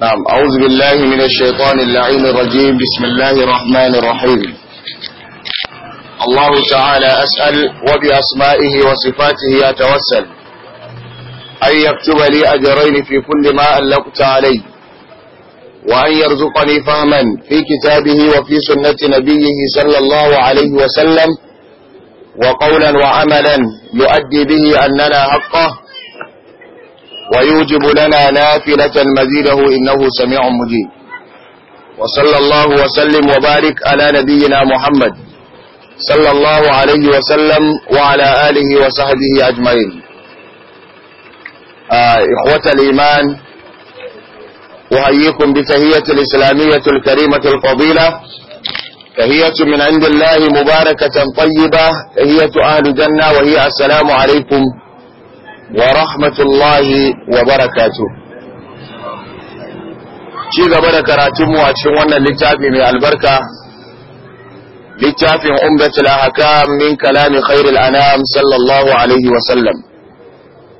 نعم أعوذ بالله من الشيطان اللعين الرجيم بسم الله الرحمن الرحيم الله تعالى أسأل وبأسمائه وصفاته أتوسل أن يكتب لي أجرين في كل ما ألقت علي وأن يرزقني فهما في كتابه وفي سنة نبيه صلى الله عليه وسلم وقولا وعملا يؤدي به أننا حقه ويوجب لنا نافلة مزيده إنه سميع مجيب وصلى الله وسلم وبارك على نبينا محمد صلى الله عليه وسلم وعلى آله وصحبه أجمعين آه إخوة الإيمان أحييكم بتهية الإسلامية الكريمة الفضيلة تهية من عند الله مباركة طيبة تهية أهل جنة وهي السلام عليكم Wa rahmatullahi wa barakatu. ci gaba da karatunmu a cikin wannan littafi mai albarka littafin umdatul ahkam min kalami khairul anam sallallahu alaihi wa sallam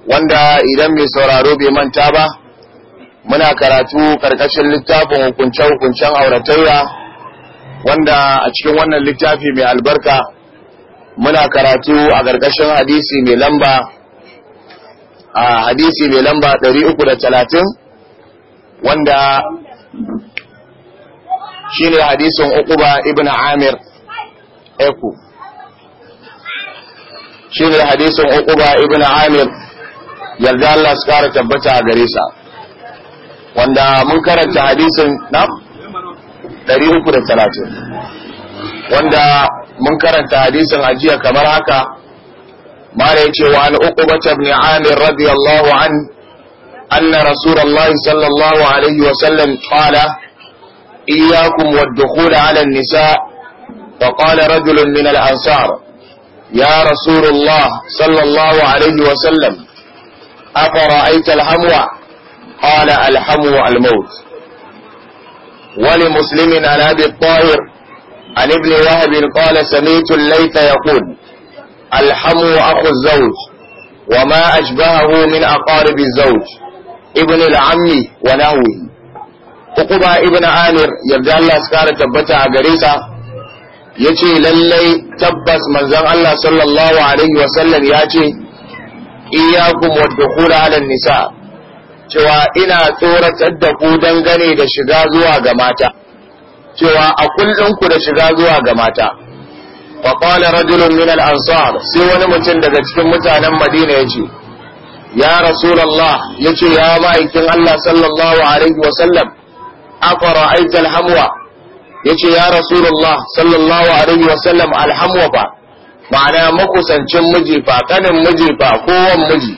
wanda idan mai sauraro bai manta ba muna karatu karkashin littafin hukunce hukuncen auratayya wanda a cikin wannan littafi mai albarka muna karatu a karkashin hadisi mai lamba a hadisi mai lamba 330 wanda shi ne hadisin ukuba ibn amir eku shi ne hadisin ukuba ibn amir yarda Allah su kara tabbata a gare sa wanda mun karanta hadisun na 330 wanda mun karanta hadisun ajiya kamar haka ما يجي وعن أقبة بن عامر رضي الله عنه أن رسول الله صلى الله عليه وسلم قال إياكم والدخول على النساء فقال رجل من الأنصار يا رسول الله صلى الله عليه وسلم أفرأيت الحموى قال الحموى الموت ولمسلم عن أبي الطاهر عن ابن وهب قال سميت الليث يقول الحم أخو الزوج وما أشبهه من أقارب الزوج ابن العم ونهوه Ukuba ibn Amir yarda الله سكارة تبتع tabbata a gare sa yace lallai tabbas manzon Allah عليه وسلم wa إياكم ya ce النساء nisa cewa ina tsoratar da ku dangane da shiga zuwa ga mata cewa a kullun ku da shiga zuwa ga mata fa qala rajulun min al ansar sai wani mutum daga cikin mutanen madina ya ce ya rasulullah ya ce ya ma'aikin allah sallallahu alaihi wa sallam afara aita alhamwa ya ce ya rasulullah sallallahu alaihi wa sallam alhamwa ba ma'ana makusancin miji fa kanin miji fa kowan miji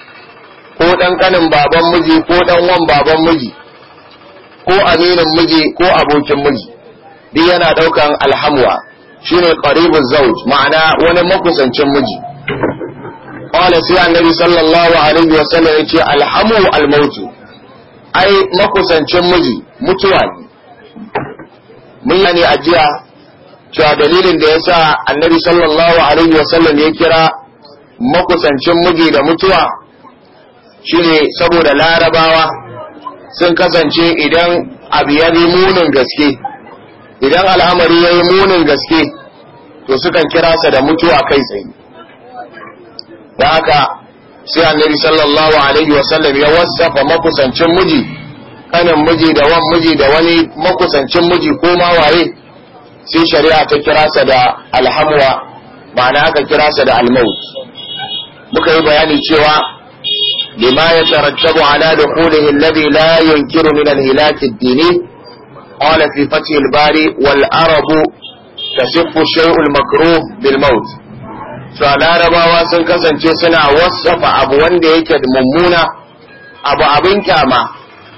ko dan kanin baban miji ko dan wan baban miji ko aminin miji ko abokin miji din yana daukan alhamwa shine qaribuz zawj ma'ana wani makusancin miji qala sai annabi sallallahu alaihi wa sallam yace alhamu almautu ai makusancin miji mutuwa ne mun yani ajiya cewa dalilin da yasa annabi sallallahu alaihi wa sallam ya kira makusancin miji da mutuwa shine saboda larabawa sun kasance idan abu ya munin gaske idan al'amari ya yi munin gaske to sukan kira sa da mutuwa kai tsaye da haka sai annabi sallallahu alaihi wasallam ya wasafa makusancin miji kanin miji da wan miji da wani makusancin miji ko ma waye sai shari'a ta kira sa da alhamwa ma'ana aka kira sa da almaut muka yi bayani cewa lima ya tarattabu ala dukhulihi alladhi la yunkiru min alhilaki ad قال في فتح الباري والعرب تشف الشيء المكروه بالموت cewa larabawa sun kasance suna wasafa abu wanda yake mummuna abu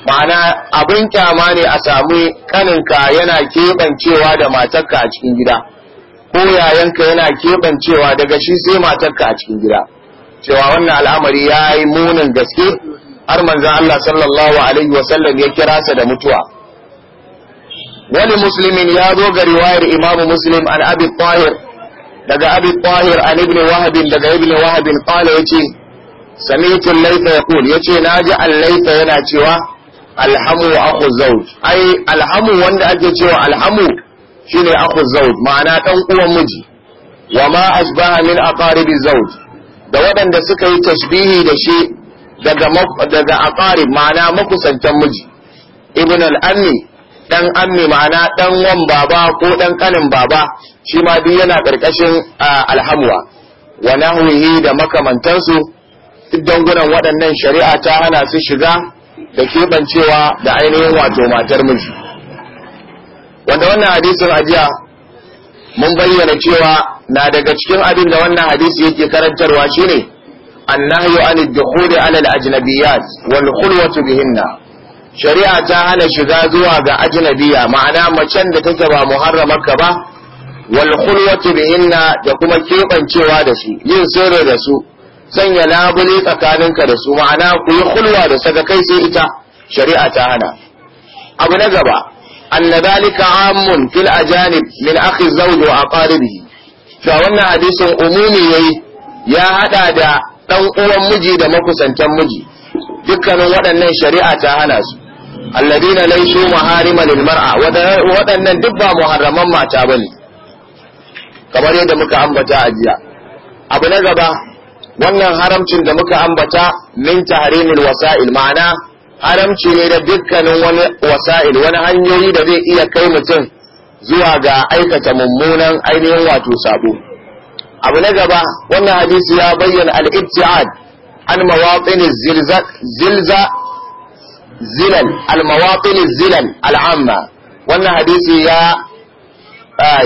ma'ana abin kyama ne a sami kaninka yana keɓancewa da matarka a cikin gida ko yayanka yana keɓancewa daga shi sai matarka a cikin gida cewa wannan al'amari ya yi munin gaske har manzo Allah sallallahu alaihi wasallam ya kira sa da mutuwa wani muslimin ya zo ga riwayar imam muslim an abi tahir daga abi tahir an ibn wahabin daga ibn wahab qala yace sami'tu al-layth yaqul yace naji al-layth yana cewa alhamu akhu zawj ai alhamu wanda ake cewa alhamu shine akhu zawj ma'ana dan uwan miji wa ma asbaha min aqaribi zawj da waɗanda suka yi tashbihi da shi daga daga aqarib ma'ana makusantan miji ibn al dan ammi ma'ana dan wan baba ko dan kanin baba shi ma duk yana karkashin alhamwa wa nahwihi da makamantansu duk dangunan waɗannan shari'a ta hana su shiga da keɓancewa da ainihin wato matar miji wanda wannan hadisin ajiya mun bayyana cewa na daga cikin abin da wannan hadisi yake karantarwa shine annahyu anid dukhuli ala ajnabiyat wal khulwatu bihinna shari'a ta hana shiga zuwa ga ajnabiya ma'ana macen da take ba muharramarka ba wal khulwatu bihinna da kuma kebancewa da su yin sirri da su sanya labule tsakaninka da su ma'ana ku yi khulwa da saka kai sai ita shari'a ta hana abu na gaba anna zalika ammun fil ajanib min akhi zawj wa aqaribi fa wannan hadisin umumi yayi ya hada da dan uwan miji da makusantan miji dukkanin waɗannan shari'a ta hana su alladina laysu maharima lil mar'a waɗannan duk ba muharraman mata bane kamar yadda muka ambata a jiya abu na gaba wannan haramcin da muka ambata min tahrimil wasa'il ma'ana haramci ne da dukkanin wani wasa'il wani hanyoyi da zai iya kai mutum zuwa ga aikata mummunan ainihin wato sabo abu na gaba wannan hadisi ya bayyana al-ibtiad an mawaqin zilza zilal al-mawatin zilal al-amma wannan hadisi ya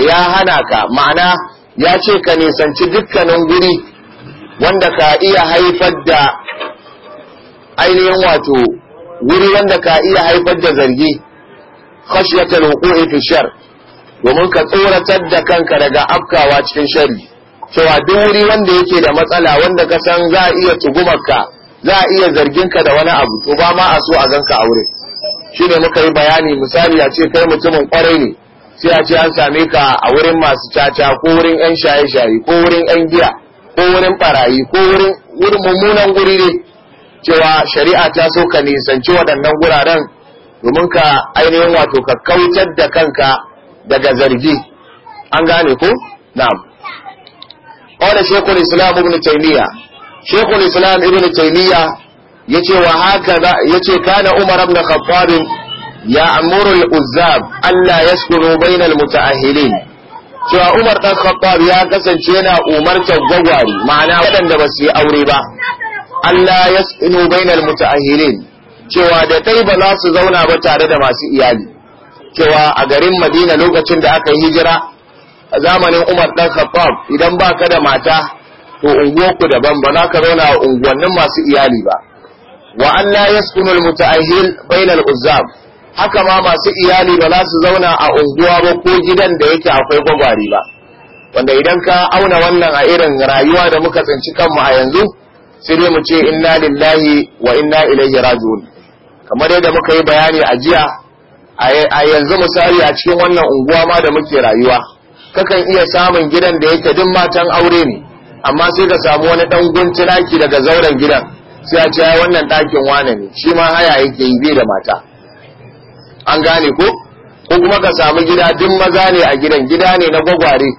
ya hana ka ma'ana ya ce ka nisanci dukkanin guri wanda ka iya haifar da ainihin wato wuri wanda ka iya haifar da zargi khashyatul wuqu'i fi shar domin ka tsoratar da kanka daga afkawa cikin shari cewa duk wuri wanda yake da matsala wanda ka san za a iya tugumarka za a iya zargin ka da wani abu to ba ma a so a ganka aure. Shi ne muka yi bayani misali a ce kai mutumin kwarai ne sai a ce an same ka a wurin masu caca ko wurin yan shaye-shaye ko wurin yan giya ko wurin barayi ko wurin wurin mummunan guri ne cewa shari'a ta so ka nisanci waɗannan guraren domin ka ainihin wato ka kautar da kanka daga zargi an gane ko na'am qala shaykhul islam ibn niyya. shekul islam ibn taymiya yace wa hakaza yace kana umar ibn khattab ya'muru al-uzzab alla yaskunu bayna al cewa umar dan khattab ya kasance yana umartar gwagwari ma'ana waɗanda ba su yi aure ba Allah ya bainar bainal muta'ahhirin cewa da kai ba za su zauna ba tare da masu iyali cewa a garin Madina lokacin da aka hijira a zamanin Umar ɗan Khattab idan baka da mata to unguwar ku daban ba za ka zauna a unguwannin masu iyali ba wa an la yaskunu mutaahil bayna al-uzzab haka ma masu iyali ba za su zauna a unguwa ba ko gidan da yake akwai gwagware ba wanda idan ka auna wannan a irin rayuwa da muka tsinci kanmu a yanzu sai dai mu ce inna lillahi wa inna ilaihi raji'un kamar yadda muka yi bayani a jiya a yanzu misali a cikin wannan unguwa ma da muke rayuwa kakan iya samun gidan da yake duk matan aure ne amma sai ka samu wani dan daki daga zauren gidan sai a ce wannan ɗakin wane ne shi ma haya yake yi bai da mata an gane ko ko kuma ka samu gida duk maza ne a gidan gida ne na gwagware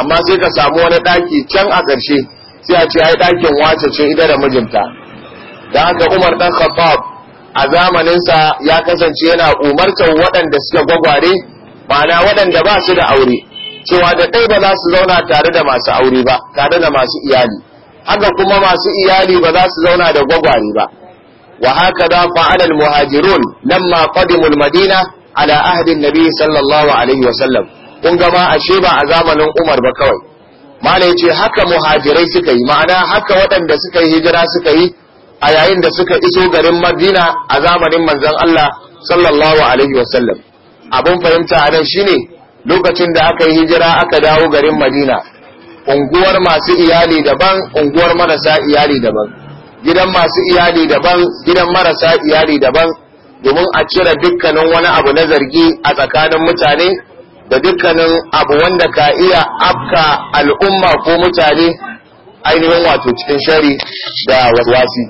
amma sai ka samu wani ɗaki can a ƙarshe sai a ce ai ɗakin wace ce ita da mijinta da haka Umar dan Khattab a zamanin sa ya kasance yana umartar waɗanda suka gwagware ma'ana waɗanda ba su da aure cewa da kai ba za su zauna tare da masu aure ba tare da masu iyali haka kuma masu iyali ba za su zauna da gwagware ba wa haka da fa'ala al-muhajirun lamma qadimu al-madina ala ahdi an-nabi sallallahu alaihi wa sallam kun ga ma ashe ba a zamanin Umar ba kawai malai ce haka muhajirai suka yi ma'ana haka waɗanda suka yi hijira suka yi a yayin da suka iso garin Madina a zamanin manzon Allah sallallahu alaihi wa sallam abun fahimta a nan shine lokacin da aka yi hijira aka dawo garin madina unguwar masu iyali daban unguwar marasa iyali daban gidan masu iyali daban gidan marasa iyali daban domin a cire dukkanin wani abu na zargi a tsakanin mutane da dukkanin abu wanda ka iya afka al'umma ko mutane ainihin wato cikin shari da wasi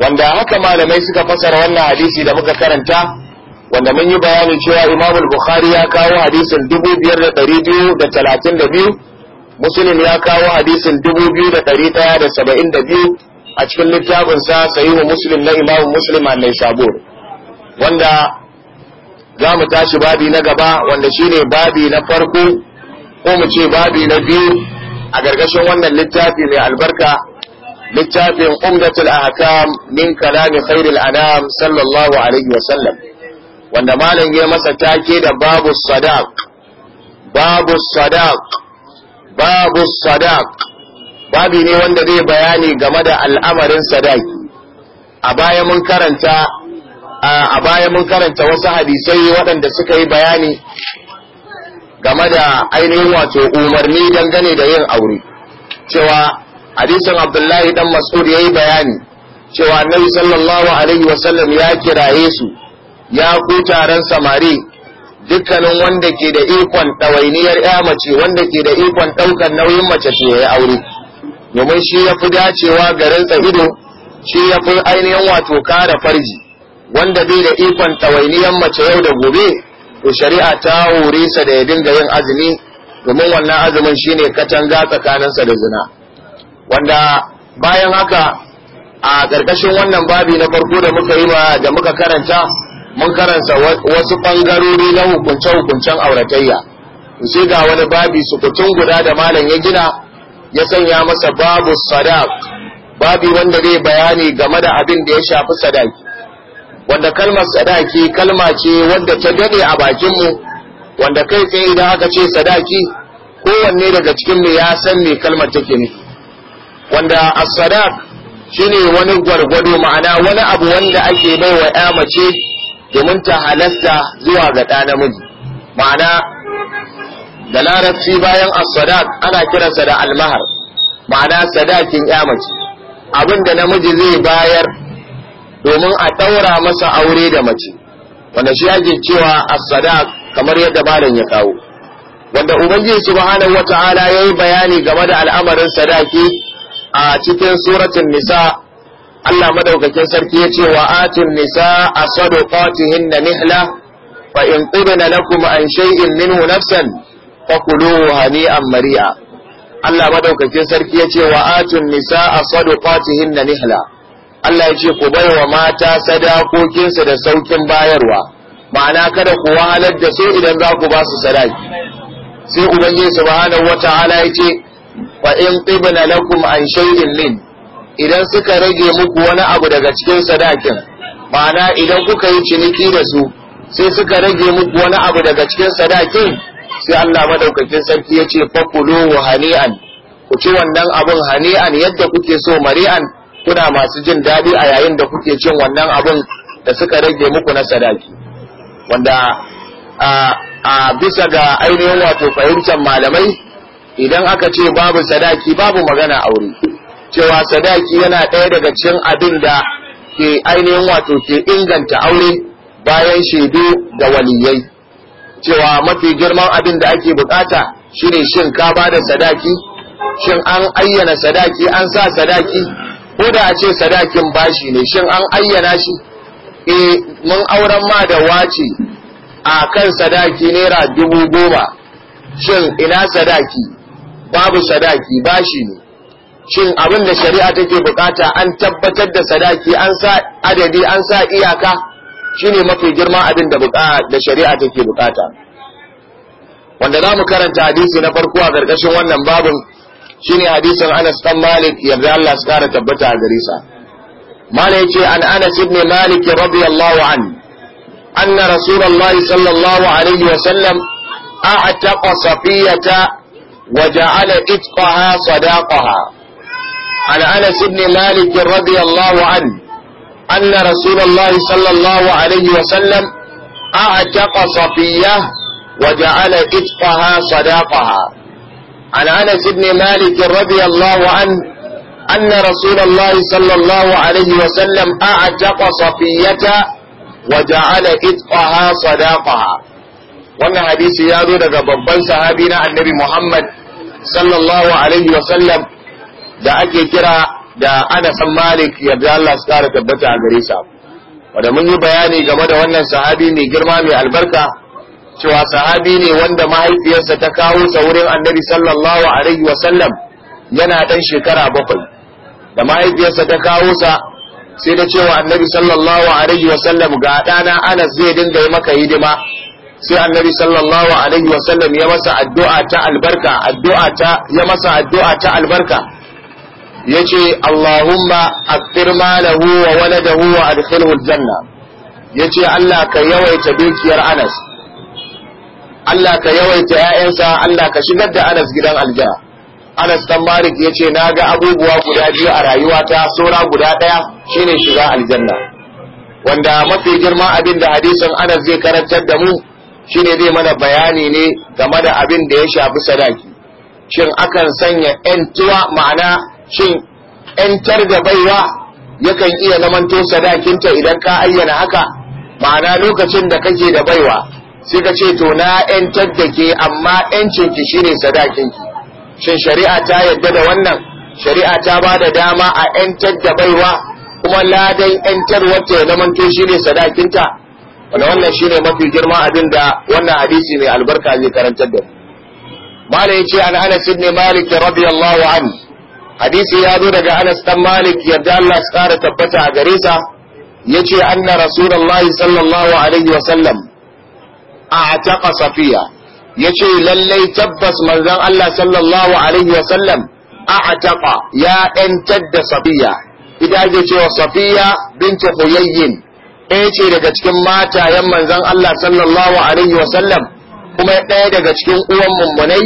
wanda haka malamai suka fasara wannan hadisi da muka karanta wanda mun yi bayanin cewa Imam bukhari ya kawo hadisin 2232 Muslim ya kawo hadisin 2172 a cikin littafin sa Sahih Muslim na Imam Muslim an Sabur wanda za mu tashi babi na gaba wanda shine babi na farko ko mu ce babi na biyu a gargashin wannan littafi mai albarka littafin umdatul ahkam min kalami khairil anam sallallahu alaihi wa sallam wanda malam ya masa take da babu sadaq babu sadaq babu sadaq babi ne wanda zai bayani game da al'amarin sadaki a baya mun karanta a baya mun karanta wasu hadisai waɗanda suka yi bayani game da ainihin wato umarni dangane da yin aure cewa hadisin abdullahi dan mas'ud ya yi bayani cewa annabi sallallahu alaihi wasallam ya kiraye su ya ku taron samari dukkanin wanda ke da ikon ɗawainiyar ya mace wanda ke da ikon ɗaukar nauyin mace ce ya yi aure domin shi ya fi dacewa garin ido shi ya fi ainihin wato kara farji wanda bai da ikon ɗawainiyar mace yau da gobe to shari'a ta hore sa da ya dinga yin azumi domin wannan azumin shine katanga tsakaninsa da zina wanda bayan haka a ƙarƙashin wannan babi na farko da muka yi da muka karanta mun karanta wasu ɓangarori na hukunce-hukuncen auratayya sai ga wani babi sukutun guda da malam ya gina ya sanya masa babu sadaq babi wanda zai bayani game da abin da ya shafi sadaki wanda kalmar sadaki kalma ce wanda ta dade a bakinmu wanda kai tsaye idan aka ce sadaki kowanne daga cikinmu ya san me kalmar take ne wanda as-sadaq shine wani gwargwado ma'ana wani abu wanda ake bai wa ya mace domin ta halasta zuwa ga ɗa namiji ma'ana da larabci bayan as-sadaq ana kiransa da almahar ma'ana sadakin ya mace abinda namiji zai bayar domin a ɗaura masa aure da mace wanda shi ake cewa as-sadaq kamar yadda malam ya kawo wanda ubangiji subhanahu wata'ala yayi bayani game da al'amarin sadaki a cikin suratul nisa Allah madaukakin sarki ya ce wa atin nisa a sadaqatihin na nihla fa in qibna lakum an shay'in minhu nafsan fakuluhu hani'an mari'a Allah madaukakin sarki ya ce wa atin nisa a sadaqatihin na nihla Allah ya ce ku bai wa mata sadakokinsu da saukin bayarwa ma'ana kada ku wahalar da su idan za ku ba su sadaki sai ubangiji subhanahu wata'ala ya ce fa in qibna lakum an shay'in min idan suka rage muku wani abu daga cikin sadakin ma'ana idan kuka yi ciniki da su sai suka rage muku wani abu daga cikin sadakin sai Allah madaukakin sarki ya ce fakulu hani'an ku ci wannan abun hani'an yadda kuke so mari'an kuna masu jin daɗi a yayin da kuke cin wannan abun da suka rage muku na sadaki wanda a, a bisa ga ainihin wato fahimtar malamai idan aka ce babu sadaki babu magana aure cewa sadaki yana ɗaya daga cikin abin da ke ainihin wato ke inganta aure bayan shaidu da waliyai cewa mafi girman abin da ake bukata shine shin ka ba da sadaki shin an ayyana sadaki an sa sadaki ko da a ce sadakin bashi ne shin an ayyana shi e mun auren ma da wace a kan sadaki naira dubu goma shin ina sadaki babu sadaki bashi ne shin abin da shari'a take bukata an tabbatar da sadaki an sa adadi an sa iyaka shine mafi girma abin da da shari'a take bukata wanda za mu karanta hadisi na farko a karkashin wannan babin shine hadisin Anas dan Malik yarda Allah su kara tabbata a gare sa Malik yace an Anas ibn Malik radiyallahu an anna Rasulullahi sallallahu alaihi wa sallam a'taqa safiyata وجعل إتقها صداقها عن أنس بن مالك رضي الله عنه أن رسول الله صلى الله عليه وسلم أعتق صفية وجعل إتقها صداقها عن أنس بن مالك رضي الله عنه أن رسول الله صلى الله عليه وسلم أعتق صفية وجعل إتقها صداقها وأن حديث ya zo daga babban sahabi محمد صلى الله عليه وسلم da ake kira da san Malik yarda Allah su kara tabbata a gare sa wanda mun yi bayani game da wannan sahabi mai girma mai albarka cewa sahabi ne wanda mahaifiyarsa ta kawo sa wurin Annabi sallallahu alaihi wa sallam yana dan shekara bakwai da mahaifiyarsa ta kawo sa sai da cewa Annabi sallallahu alaihi wa sallam ga ɗana Anas zai dinga yi maka hidima sai annabi sallallahu alaihi wasallam ya masa addu'a ta albarka addu'a ta ya masa addu'a ta albarka yace Allahumma akthir malahu wa waladahu wa adkhilhu aljanna yace Allah ka yawaita dukiyar Anas Allah ka yawaita ƴaƴansa Allah ka shigar da Anas gidan aljanna Anas dan Malik yace naga abubuwa guda biyu a rayuwata saura guda ɗaya shine shiga aljanna wanda mafi girma abin da hadisin Anas zai karantar da mu shine zai mana bayani ne game da abin da ya shafi sadaki shin akan sanya tuwa ma'ana shin ‘yantar da baiwa yakan iya zamanto sadakinta idan ka ayyana haka ma'ana lokacin da kake da baiwa sai ka ce to na ‘yantar da ke amma ‘yancinki shine sadakinki shin shari'a ta yadda da wannan shari'a ta ba da dama a ‘yantar da baiwa kuma ladan wata ya shi shine sadakinta wanda wannan shine mafi girma abin da wannan hadisi mai albarka zai karantar da malam yace an Anas ibn Malik radiyallahu anhu hadisi ya zo daga Anas dan Malik yadda Allah ya kara tabbata a gare sa Ya yace anna rasulullahi sallallahu alaihi wa sallam taƙa safiya Ya ce lallai tabbas manzon Allah sallallahu alaihi wa sallam taƙa. ya dantar da safiya ita ake cewa safiya Binta huyayyin ɗaya ce daga cikin matayen manzon Allah sallallahu alaihi wa sallam kuma ɗaya daga cikin uwan mummunai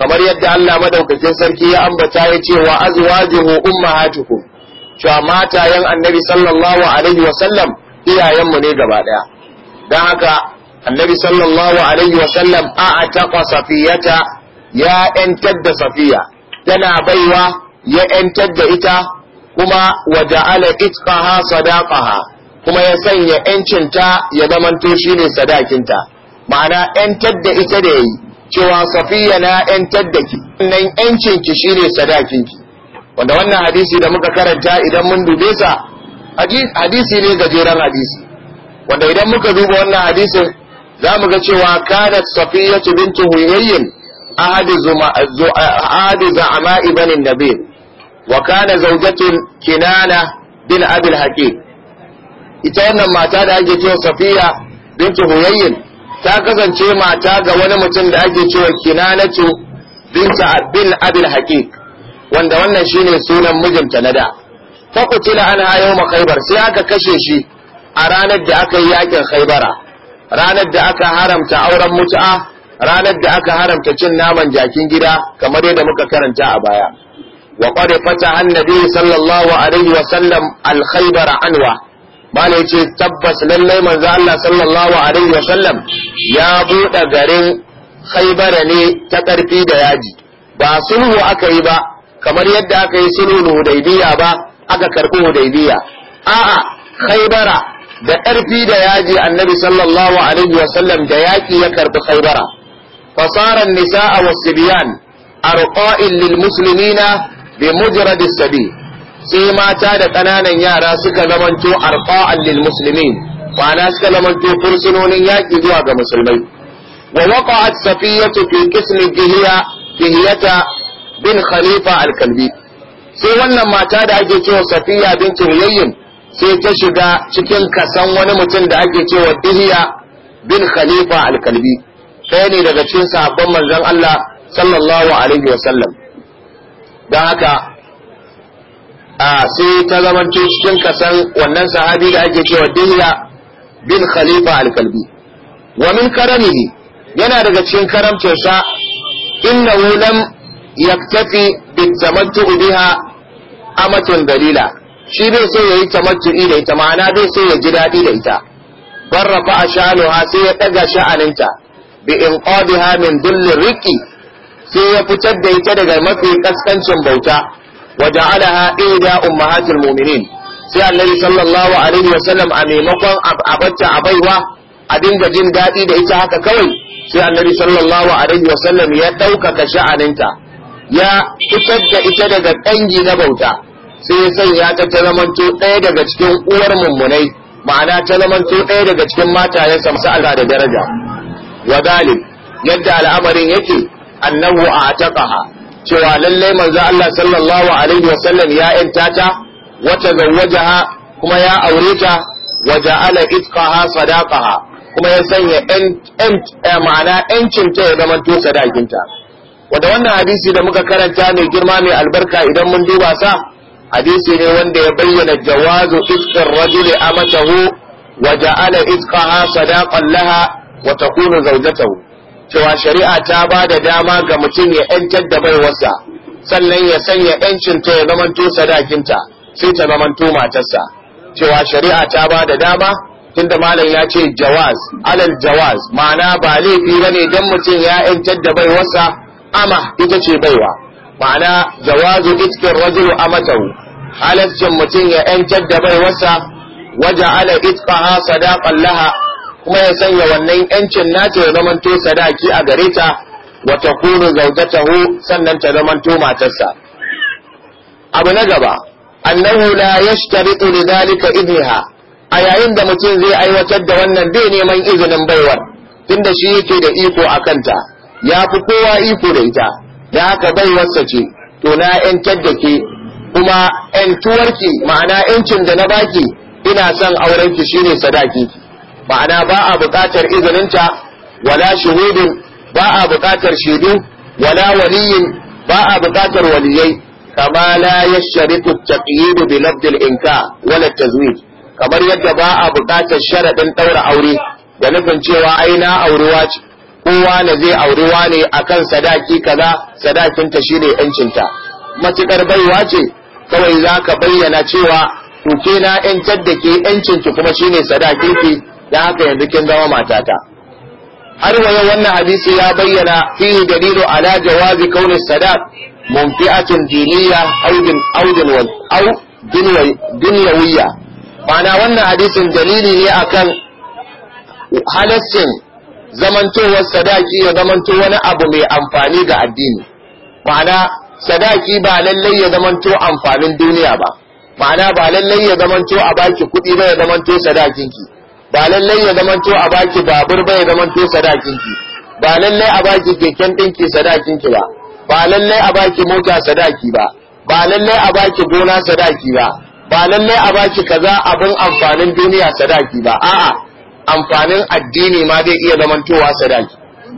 kamar yadda Allah madaukakin sarki ya ambata ya ce wa azwajuhu ummahatukum cewa matayen annabi sallallahu alaihi wa sallam mu ne gaba daya dan haka annabi sallallahu alaihi wa sallam a ataqa safiyata ya entar da safiya tana baiwa ya entar da ita kuma waja'ala itqaha sadaqaha kuma ya sanya yancinta ya zamanto shine sadakinta ma'ana entar da ita da yayi cewa safiya na ‘yantar da ki, nan ‘yancin ki shine sadakin ki, wanda wannan hadisi da muka karanta idan mun dube sa, hadisi ne gajeren hadisi, wanda idan muka duba wannan hadisin za mu ga cewa kanat safiya bintu huyayyin ahadi za'ama ibanin nabi wa kana zaujatun kinana bin abil haƙi ita wannan mata da ake cewa safiya bintu huyayyin ta kasance mata ga wani mutum da ake cewa kinanatu binta bin abil haqiq wanda wannan shine sunan mijinta na da fa qutila anha yawma khaybar sai aka kashe shi a ranar da aka yi yakin khaibara, ranar da aka haramta auren mutu'a, ranar da aka haramta cin naman jakin gida kamar yadda muka karanta a baya wa qad fata annabi sallallahu alaihi wa sallam al khaybara anwa bala ce tabbas lallai manzo Allah sallallahu alaihi wasallam ya buɗe garin haibara ne ta karfi da yaji ba sulhu aka yi ba kamar yadda aka yi sulhu hudaybiya ba aka karɓi hudaybiya a'a khaibara da ƙarfi da yaji annabi sallallahu alaihi wasallam da yaƙi ya karɓi khaibara fasara nisa'a was sibyan arqa'il lil muslimina bi mujrad as-sabil sai mata da ƙananan yara suka zamanto arfa'an lil muslimin ma'ana suka zamanto fursunonin yaƙi zuwa ga musulmai wa waqa'at safiyatu fi qismi dihiya dihiyata bin khalifa al-kalbi sai wannan mata da ake cewa safiya bin huyayyin sai ta shiga cikin kasan wani mutum da ake cewa dihiya bin khalifa al-kalbi ne daga cikin sahabban manzon Allah sallallahu alaihi wa sallam haka sai ta zama cikin kasan wannan sahabi da ake cewa dihya bin khalifa al-kalbi wa min karamihi yana daga cikin sa inna lam yaktafi bit tamattu biha amatun dalila shi bai so yayi tamattu da ita ma'ana bai so ya ji dadi da ita barrafa ha sai ya daga sha'aninta bi inqadiha min dullir riqi sai ya fitar da ita daga mafi kaskancin bauta waja'alaha ida ummahatul mu'minin sai annabi sallallahu alaihi wasallam a maimakon a baiwa a dinga jin daɗi da ita haka kawai sai annabi sallallahu alaihi wasallam ya ɗaukaka sha'aninta ya fitar da ita daga ɗangi na bauta sai ya sanya ta ta zamanto ɗaya daga cikin uwar mummunai ma'ana ta zamanto ɗaya daga cikin matayensa masu Allah da daraja wa yadda al'amarin yake annahu a taƙaha cewa lallai manzo Allah sallallahu alaihi wasallam ya yanta ta wata zawwajaha kuma ya aure ta wa ja'ala itqaha sadaqaha kuma ya sanya eh, ma'ana yancin ta ya zama to sadakinta wanda wannan hadisi da muka karanta mai girma mai albarka idan mun duba sa hadisi ne wanda ya bayyana jawazu itqar rajuli amatahu wa ja'ala itqaha sadaqan laha wa takunu zawjatahu cewa shari'a ta ba da dama ga mutum ya ‘yantar da baiwarsa sannan ya sanya yancin ta ya zamanto sadakinta sai ta zamanto matarsa cewa shari'a ta ba da dama tunda malam ya ce jawaz alal jawaz ma'ana ba laifi ba ne don mutum ya ‘yantar da baiwarsa ama ita ce baiwa ma'ana jawazu itkin rajulu amatahu halaccin mutum ya ‘yantar da baiwarsa waje ala itqaha sadaqan laha kuma ya sanya wannan yancin nata ya zamanto sadaki a gare ta wa kunu taho sannan ta zamanto matarsa abu na gaba annahu la yashtaritu li idniha a yayin da mutum zai aiwatar da wannan bai neman izinin baiwar tunda shi yake da iko a kanta ya fi kowa iko da ita da haka baiwarsa ce to na yantar da ke kuma yantuwarki ma'ana yancin da na baki ina son aurenki shine sadaki ma'ana ba a buƙatar izininta wala shuhudin ba a buƙatar shaidu wala waliyin ba a buƙatar waliyai kama la yashriku taqyid bi lafd al-inka wala tazwij kamar yadda ba a buƙatar sharadin daura aure da nufin cewa ai na aurewa ce kowa ne zai aurewa ne akan sadaki kaza sadakin ta shine yancinta matukar baiwa ce kawai zaka bayyana cewa to ke na da ke yancin ki kuma shine sadakin ki dan haka yanzu kin zama matata har wa yau wannan hadisi ya bayyana fi dalilu ala jawazi kauni sadaq mumti'atun diniya audin audin wal au dunyawiyya ma'ana wannan hadisin dalili ne akan halassin zamantowar sadaki ya zamanto wani abu mai amfani ga addini ma'ana sadaki ba lallai ya zamanto amfanin duniya ba ma'ana ba lallai ya zamanto a baki kuɗi ba ya zamanto sadakinki ba lallai ya zamanto a baki babur ba ya zamanto sadakin ki ba lallai a baki keken dinki sadakin ki ba ba lallai a baki mota sadaki ba ba lallai a baki gona sadaki ba ba lallai a baki kaza abin amfanin duniya sadaki ba a'a amfanin addini ma zai iya zamantowa sadaki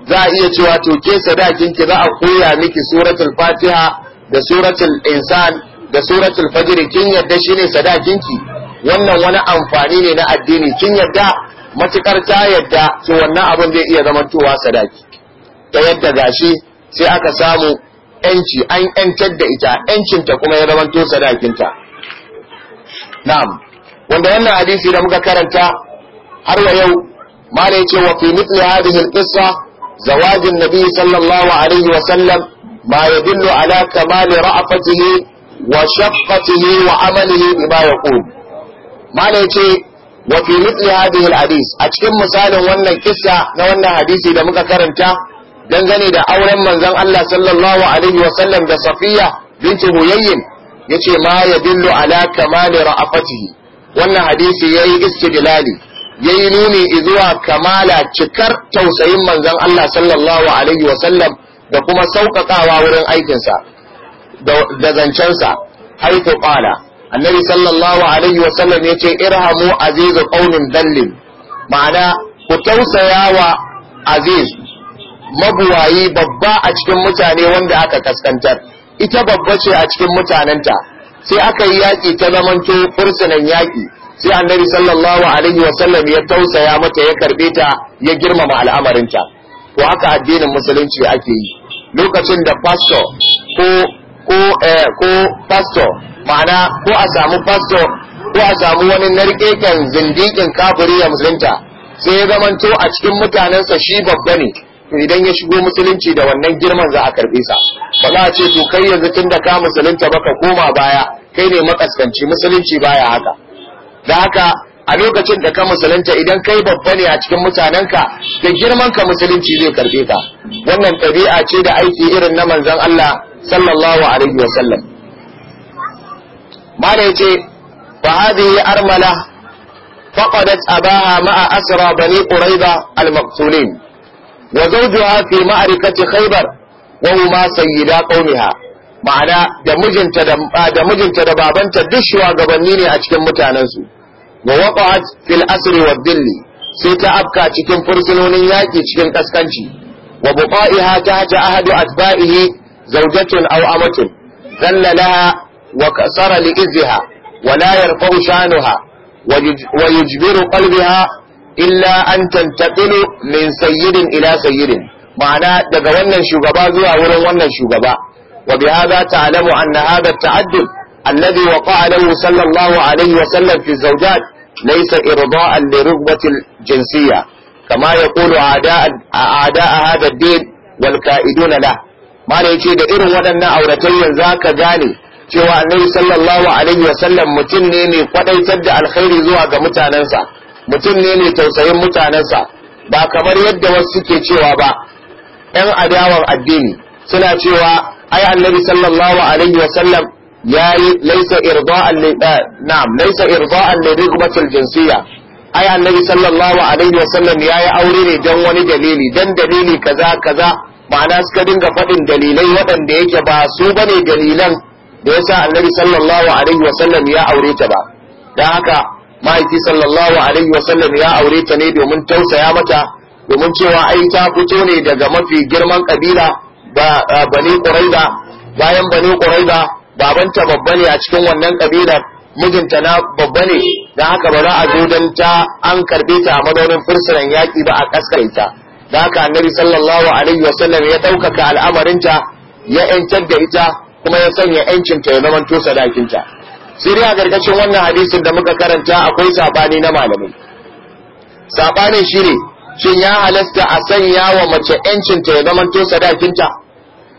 za a iya cewa to ke sadakin ki za a koya miki suratul fatiha da suratul insan da suratul fajr kin yadda shine sadakin ki wannan wani amfani ne na addini kin yadda matukar ta yadda ki wannan abin zai iya zamantowa sadaki ta yadda gashi sai aka samu yanci an yantar da ita yancinta kuma ya zamanto sadakinta na'am wanda wannan hadisi da muka karanta har wa yau mala yake wa fi mithli hadhihi al-qissa zawaj an-nabi sallallahu alaihi wa sallam ma yadullu ala kamal ra'fatihi wa shaqqatihi wa amalihi bima yaqul mala yace wa fi mithli hadhihi alhadis a cikin misalin wannan kissa na wannan hadisi da muka karanta dangane da auren manzon Allah sallallahu alaihi wa sallam da Safiya binti Huyayyin yace ma yadullu ala kamali ra'afatihi wannan hadisi yayi istidlali yayi nuni zuwa kamala cikar tausayin manzon Allah sallallahu alaihi wa sallam da kuma sauƙaƙawa wurin aikinsa da zancensa haitu ƙwala. annabi sallallahu alaihi wa sallam yace irhamu aziz qaumin dallin ma'ana ku tausaya wa aziz mabuwayi babba a cikin mutane wanda aka kaskantar ita babba ce a cikin mutanenta sai aka yi yaƙi ta zamanto fursunan yaƙi sai annabi sallallahu alaihi wa sallam ya tausaya mata ya karbe ta ya girmama al'amarinta to haka addinin musulunci ake yi lokacin da pastor ko ko eh, ko pastor ma'ana ko a samu fasto ko a samu wani narkeken zindikin kafiri ya musulunta sai ya zamanto a cikin mutanensa shi babba ne idan ya shigo musulunci da wannan girman za a karbe sa ba za a ce to kai yanzu tun da ka musulunta ba ka koma baya kai ne makaskanci musulunci baya haka da haka a lokacin da ka musulunta idan kai babba ne a cikin mutanenka da girman ka musulunci zai karbe ka wannan ɗabi'a ce da aiki irin na manzon Allah sallallahu alaihi wasallam mala yace fa hadhihi armala faqadat abaha ma'a asra bani quraiba al wa zawjuha fi ma'rikati khaybar wa huma sayyida qaumiha ma'ana da mijinta da da mijinta da babanta duk shugabanni ne a cikin mutanensu wa waqa'at fil asri wa dilli sai ta afka cikin fursunonin yaki cikin kaskanci wa buqa'iha ta ta ahadu atba'ihi zawjatun aw amatun zalla laha وكسر لإذها ولا يرفع شانها ويجبر قلبها إلا أن تنتقل من سيد إلى سيد معنى دقونا شغبا زوا ورون شغبا وبهذا تعلم أن هذا التعدد الذي وقع له صلى الله عليه وسلم في الزوجات ليس إرضاء لرغبة الجنسية كما يقول أعداء, أعداء هذا الدين والكائدون له ما يجي da irin waɗannan auratayyar za ka gane cewa annabi sallallahu alaihi wasallam mutum ne mai kwadaitar da alkhairi zuwa ga mutanensa mutum ne mai tausayin mutanensa ba kamar yadda wasu suke cewa ba yan adawar addini suna cewa ai annabi sallallahu alaihi wasallam ya yi laisa irda'an li eh, na'am laisa irda'an li rugbatil jinsiyya ai annabi sallallahu alaihi wasallam ya yi aure ne don wani dalili dan dalili kaza kaza ma'ana suka dinga faɗin dalilai waɗanda yake ba su bane dalilan da yasa annabi sallallahu alaihi wasallam ya aure ta ba dan haka mahaifi sallallahu alaihi wasallam ya aure ta ne domin tausaya mata domin cewa ai ta fito ne daga mafi girman kabila ba bani quraida bayan bani quraiza babanta babba ne a cikin wannan kabilar mijinta na babba ne dan haka ba za a zo dan ta an karbe ta a madaurin fursunan yaki ba a kaskaita dan haka annabi sallallahu alaihi wasallam ya ɗaukaka ta ya ‘yantar da ita kuma ya sanya ta ya sadakin ta sai dai a gargashin wannan hadisin da muka karanta akwai sabani na malamai sabanin shine shin ya halasta a sanya wa mace ta ya sadakin ta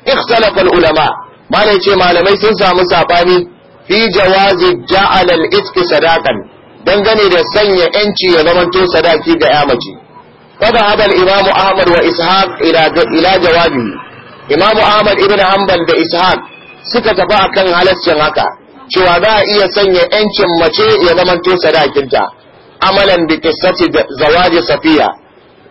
ikhtalafa ulama malai ce malamai sun samu sabani fi jawazi ja'al al ithq sadakan dangane da sanya yanci ya zamanto sadaki ga ya mace ahmad wa ishaq ila ila jawabi. imamu ahmad ibn hanbal da ishaq suka tafi akan halaccin haka cewa za a iya sanya yancin mace ya zamanto sadakinta amalan bi da zawaji safiya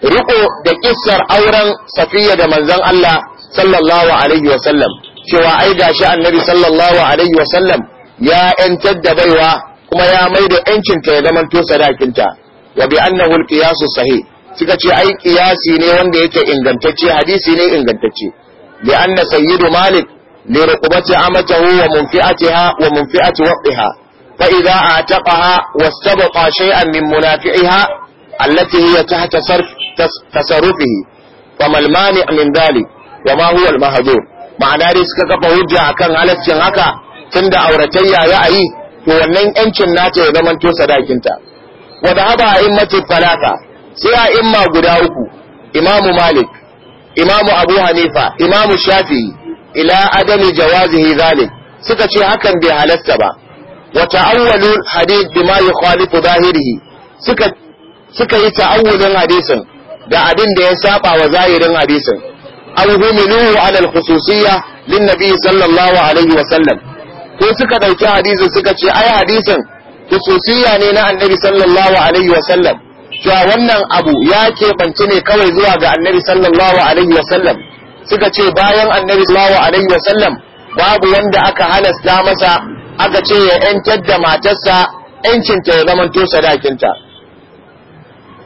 riko da kissar auren safiya da manzon Allah sallallahu alaihi wa sallam cewa ai gashi annabi sallallahu alaihi wa sallam ya yantar da baiwa kuma ya mai da yancin ta ya zamanto sadakinta wa bi annahu al sahih suka ce ai kiyasi ne wanda yake ingantacce hadisi ne ingantacce li anna sayyidu malik لرقبة أمته ومنفئتها ومنفئة وقتها فإذا أعتقها واستبقى شيئا من منافعها التي هي تحت صرف تصرفه فما المانع من ذلك وما هو المهجور ma'ana dai suka kafa hujja akan halaccin haka tunda auratayya ya a yi to wannan yancin nata ya zama to sadakinta wa dhahaba a'immatu falaka sai a'imma guda uku imamu malik imamu abu hanifa imamu shafi'i ila adami jawazihi zalik suka ce hakan bai halasta ba wa ta'awwalu hadith bima yukhalifu zahirihi suka suka yi ta'awulin hadisin da abin da ya saba wa zahirin hadisin aw humiluhu ala al-khususiyya lin sallallahu alaihi wa sallam ko suka dauki hadisin suka ce ai hadisin khususiyya ne na annabi sallallahu alaihi wa sallam cewa wannan abu ya keɓance ne kawai zuwa ga annabi sallallahu alaihi wa sallam suka ce bayan annabi sallallahu alaihi wasallam babu wanda aka halasta masa aka ce ya yantar da matarsa yancinta ya to sadakinta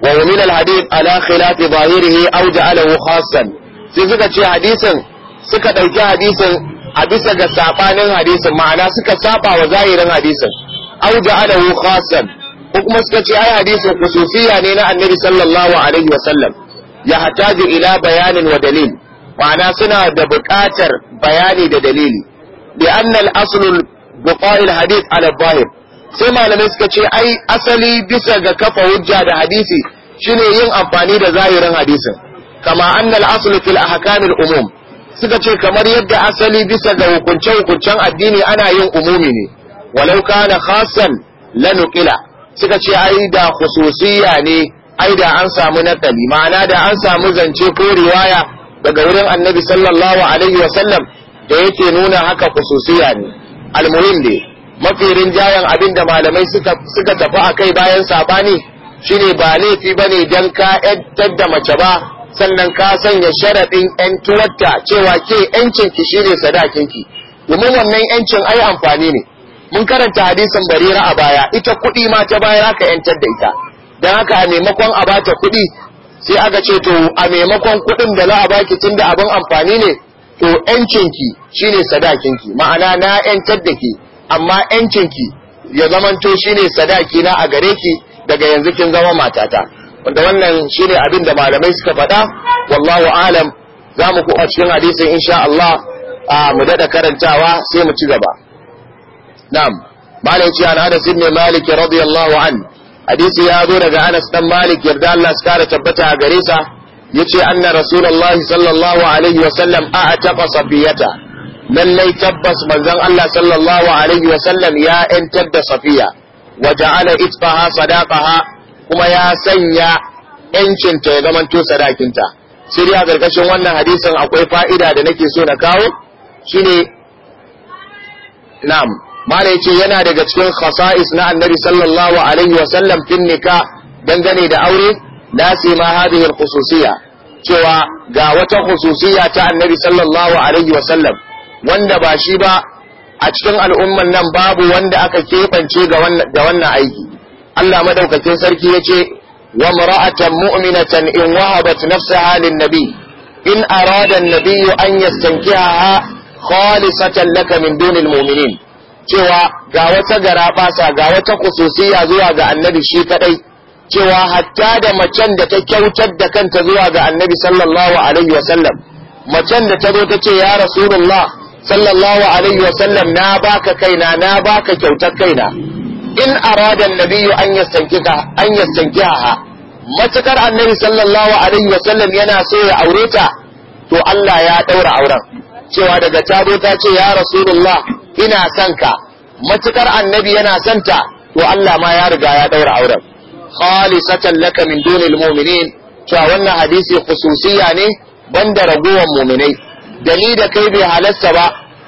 wa min hadith ala khilaf zahirihi aw ja'alahu khassan sai suka ce hadisin suka dauki hadisin a bisa ga sabanin hadisin ma'ana suka saba wa zahirin hadisin aw ja'alahu khassan ko kuma suka ce ai hadisin khususiyya ne na annabi sallallahu alaihi wasallam ya hataju ila bayanin wa dalil ma'ana suna da buƙatar bayani da dalili bi annal aslul buqa'il hadith ala zahir sai malamai suka ce ai asali bisa ga kafa hujja da hadisi shine yin amfani da zahirin hadisin kama annal aslu fil ahkamil umum suka ce kamar yadda asali bisa ga hukunce hukuncen addini ana yin umumi ne walau kana khasan lanuqila suka ce ai da khususiyya ne ai da an samu nakali ma'ana da an samu zance ko riwaya daga wurin annabi sallallahu alaihi wasallam da yake nuna haka kususiya ne almuhim ne mafi rinjayen abin da malamai suka tafi a kai bayan sabani shine ba laifi ba ne don ka ‘yantar da mace ba sannan ka sanya sharaɗin ‘yantuwarta cewa ke ki shine sadakinki domin wannan ‘yancin ai amfani ne mun karanta hadisin barira a baya ita kuɗi ma ta bayar haka ‘yantar da ita don haka a maimakon a bata kuɗi sai aka ce to a maimakon kuɗin da za a baki da abin amfani ne to yancinki shine sadakinki ma'ana na yantar da ke amma yancinki ya zamanto shine sadaki na a gare ki daga yanzu kin zama matata wanda wannan shine abin da malamai suka faɗa wallahu alam za mu kuma cikin hadisin insha Allah mu dada karantawa sai mu ci gaba na'am malam ana an hada sinne maliki radiyallahu anhu hadisi ya zo daga Anas dan Malik yarda Allah su kara tabbata a gare sa yace anna rasulullahi sallallahu alaihi wa sallam a'taqa safiyata lallai tabbas manzon Allah sallallahu alaihi wa sallam ya entar da safiya wa ja'ala itfaha sadaqaha kuma ya sanya yancin ta ya zamanto sadakinta sai a gargashin wannan hadisin akwai fa'ida da nake so na kawo shine na'am mala yace yana daga cikin khasa'is na annabi sallallahu alaihi wa sallam fin nika. dangane da aure la sima hadhihi khususiyya cewa ga wata khususiyya ta annabi sallallahu alaihi wa sallam wanda ba shi ba a cikin al'umman nan babu wanda aka keɓance da wannan aiki Allah madaukakin sarki yace wa mara'atan mu'minatan in wahabat nafsaha lin-nabi in arada an-nabi an yastankiha khalisatan laka min dunil mu'minin cewa ga wata gara basa ga wata kususiya zuwa ga annabi shi kadai cewa hatta da macen da ta kyautar da kanta zuwa ga annabi sallallahu alaihi wa sallam, macen da ta zo ta ce ya rasulullah sallallahu alaihi wa sallam, na baka kaina na baka kyautar kaina in arada nabiyyu an yastankika an yastankiha matakar annabi sallallahu alaihi wa sallam, yana so ya aure ta to Allah ya daura auren cewa daga ta zo ta ce ya rasulullah ina son ka matukar annabi yana son ta to Allah ma ya riga ya daura auren khalisatan laka min dunil mu'minin cewa wannan hadisi khususiyya ne banda ragowar mu'minai dani da kai bai halasta ba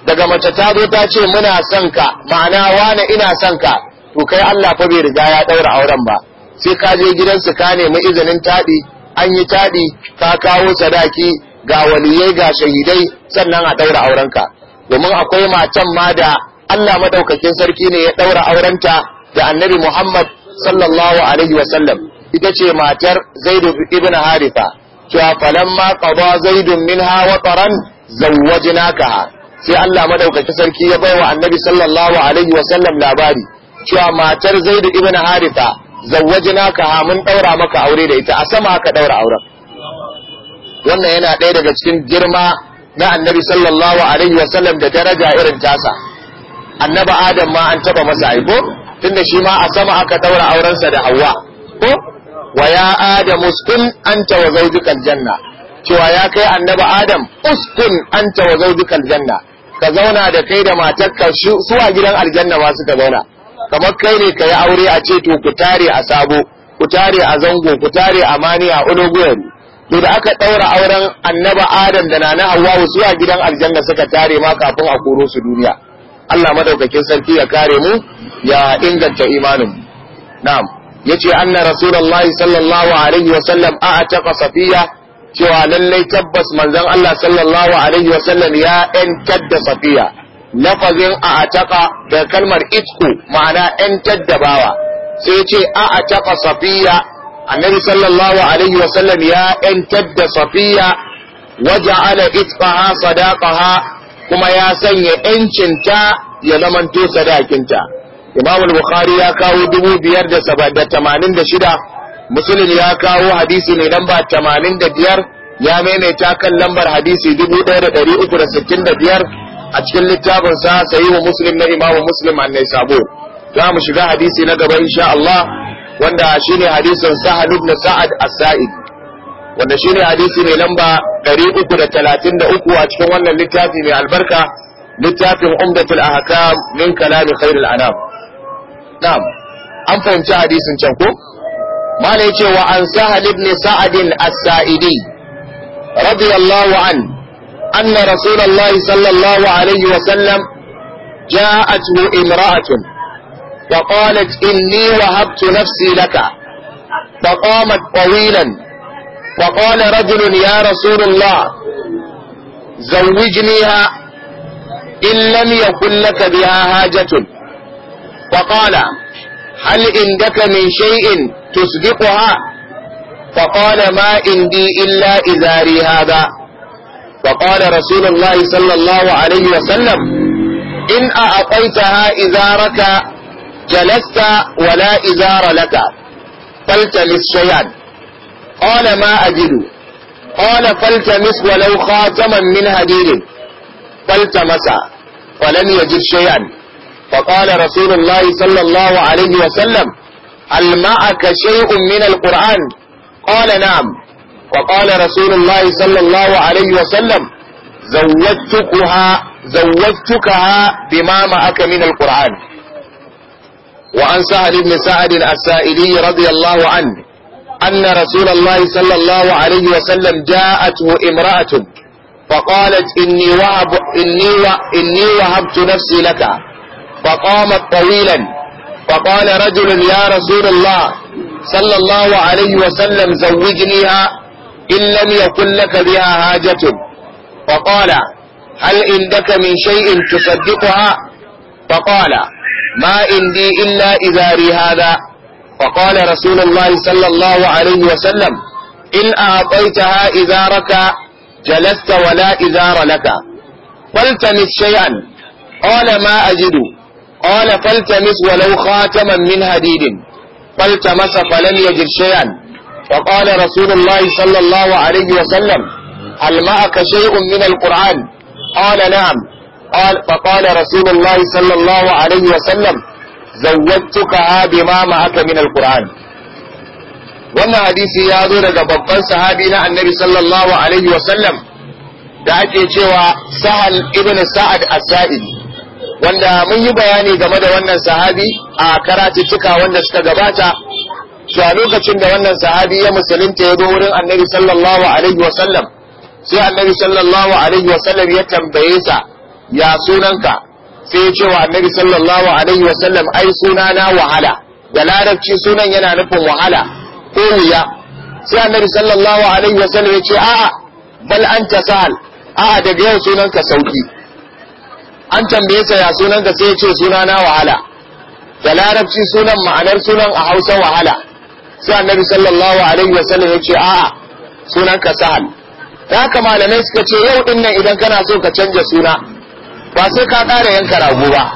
daga mace ta zo ta ce muna son ka ma'ana wani ina son ka to kai Allah fa bai riga ya daura auren ba sai ka je gidansu ka mu izinin taɗi an yi taɗi ka kawo sadaki ga waliyai ga shahidai sannan a ɗaura aurenka domin akwai matan ma da Allah madaukakin sarki ne ya daura aurenta da annabi Muhammad sallallahu alaihi wa sallam ita ce matar Zaid ibn Haritha cewa ma qada Zaid minha wa taran zawwajnaka sai Allah madaukakin sarki ya baiwa annabi sallallahu alaihi wa sallam labari cewa matar Zaid ibn Haritha zawwajnaka mun daura maka aure da ita a sama aka daura auren wannan yana ɗaya daga cikin girma na annabi sallallahu alaihi wasallam da daraja irin tasa annaba adam ma an taba masa aiko tunda shi ma a sama aka daura aurensa da hawa ko wa ya adam uskun anta wa zawjuka aljanna cewa ya kai annaba adam uskun anta wa zawjuka aljanna ka zauna da kai da matarka su a gidan aljanna ma suka zauna kamar kai ne ka yi aure a ce to ku tare a sabo ku tare a zango ku tare a mani a ologoyari to da aka ɗaura auren annaba adam da nana hawwa su a gidan aljanna suka tare ma kafin a koro su duniya Allah madaukakin sarki ya kare mu ya inganta imanin na'am yace anna rasulullahi sallallahu alaihi wa sallam ta safiya cewa lallai tabbas manzon Allah sallallahu alaihi wa sallam ya yantar da safiya lafazin a'taqa da kalmar itku ma'ana yantar da bawa sai ce a'taqa safiya annabi sallallahu alaihi wasallam ya ‘yantar da safiya waje ala itfaha sadaqaha kuma ya sanya ‘yancinta ya zamanto sadakinta. Imam al-Bukhari ya kawo dubu biyar da tamanin da shida, Musulun ya kawo hadisi ne lamba tamanin da biyar ya maimaita kan lambar hadisi dubu ɗaya da ɗari uku da sittin da biyar a cikin littafinsa sayi wa Muslim na Imam Muslim annai sabo. Za mu shiga hadisi na gaba insha Allah. wanda shine hadisin Sa'ad, ibn Sa'ad as-Sa'id wanda shine hadisi mai lamba 333 a cikin wannan littafi mai albarka littafin Umdatul Ahkam min kalami Khairul Anam na'am an fahimci hadisin can ko mala yace wa an saad ibn Sa'ad as-Sa'idi radiyallahu an anna rasulullahi sallallahu alaihi wa sallam ja'atuhu imra'atun فقالت إني وهبت نفسي لك فقامت طويلا فقال رجل يا رسول الله زوجنيها إن لم يكن لك بها حاجة فقال هل عندك من شيء تصدقها فقال ما عندي إلا إزاري هذا فقال رسول الله صلى الله عليه وسلم إن أعطيتها إزارك jalasta wala izara laka faltalis shayan qala ma ajidu qala faltamis walau khataman min hadidin faltamasa falam yajid shayan فقال رسول الله صلى الله عليه وسلم هل معك شيء من القرآن قال نعم وقال رسول الله صلى الله عليه وسلم زوجتكها زوجتكها بما معك من القرآن وعن سهل بن سعد السائلي رضي الله عنه أن رسول الله صلى الله عليه وسلم جاءته امرأة فقالت إني, وهب إني, و... إني وهبت نفسي لك فقامت طويلا فقال رجل يا رسول الله صلى الله عليه وسلم زوجنيها إن لم يكن لك بها حاجة فقال هل عندك من شيء تصدقها فقال ما عندي إلا إزاري هذا فقال رسول الله صلى الله عليه وسلم إن أعطيتها إزارك جلست ولا إزار لك فالتمس شيئا قال ما أجد قال فالتمس ولو خاتما من هديد فالتمس فلم يجد شيئا فقال رسول الله صلى الله عليه وسلم هل معك شيء من القرآن قال نعم قال فقال رسول الله صلى الله عليه وسلم زوجتكها بما معك من القرآن wannan hadisi ya zo daga babban sahabi na annabi sallallahu alaihi wasallam da ake cewa sahal ibn sa'ad as wanda mun yi bayani game da wannan sahabi a karatuttuka wanda suka gabata to a lokacin da wannan sahabi ya musulunta ya zo wurin annabi sallallahu alaihi wasallam sai annabi sallallahu alaihi wasallam ya tambaye sa ya sunanka sai ya ce wa annabi sallallahu alaihi wa sallam ai suna na wahala da larabci sunan yana nufin wahala ko wuya sai annabi sallallahu alaihi wa sallam ya ce a'a bal anta sahal a'a daga yau sunanka sauki an tambaye sa ya sunanka sai ya ce suna na wahala da larabci sunan ma'anar sunan a Hausa wahala sai annabi sallallahu alaihi wa sallam ya ce a'a sunanka sahal da haka malamai suka ce yau dinnan idan kana so ka canja suna ba sai ka ƙara yanka rago ba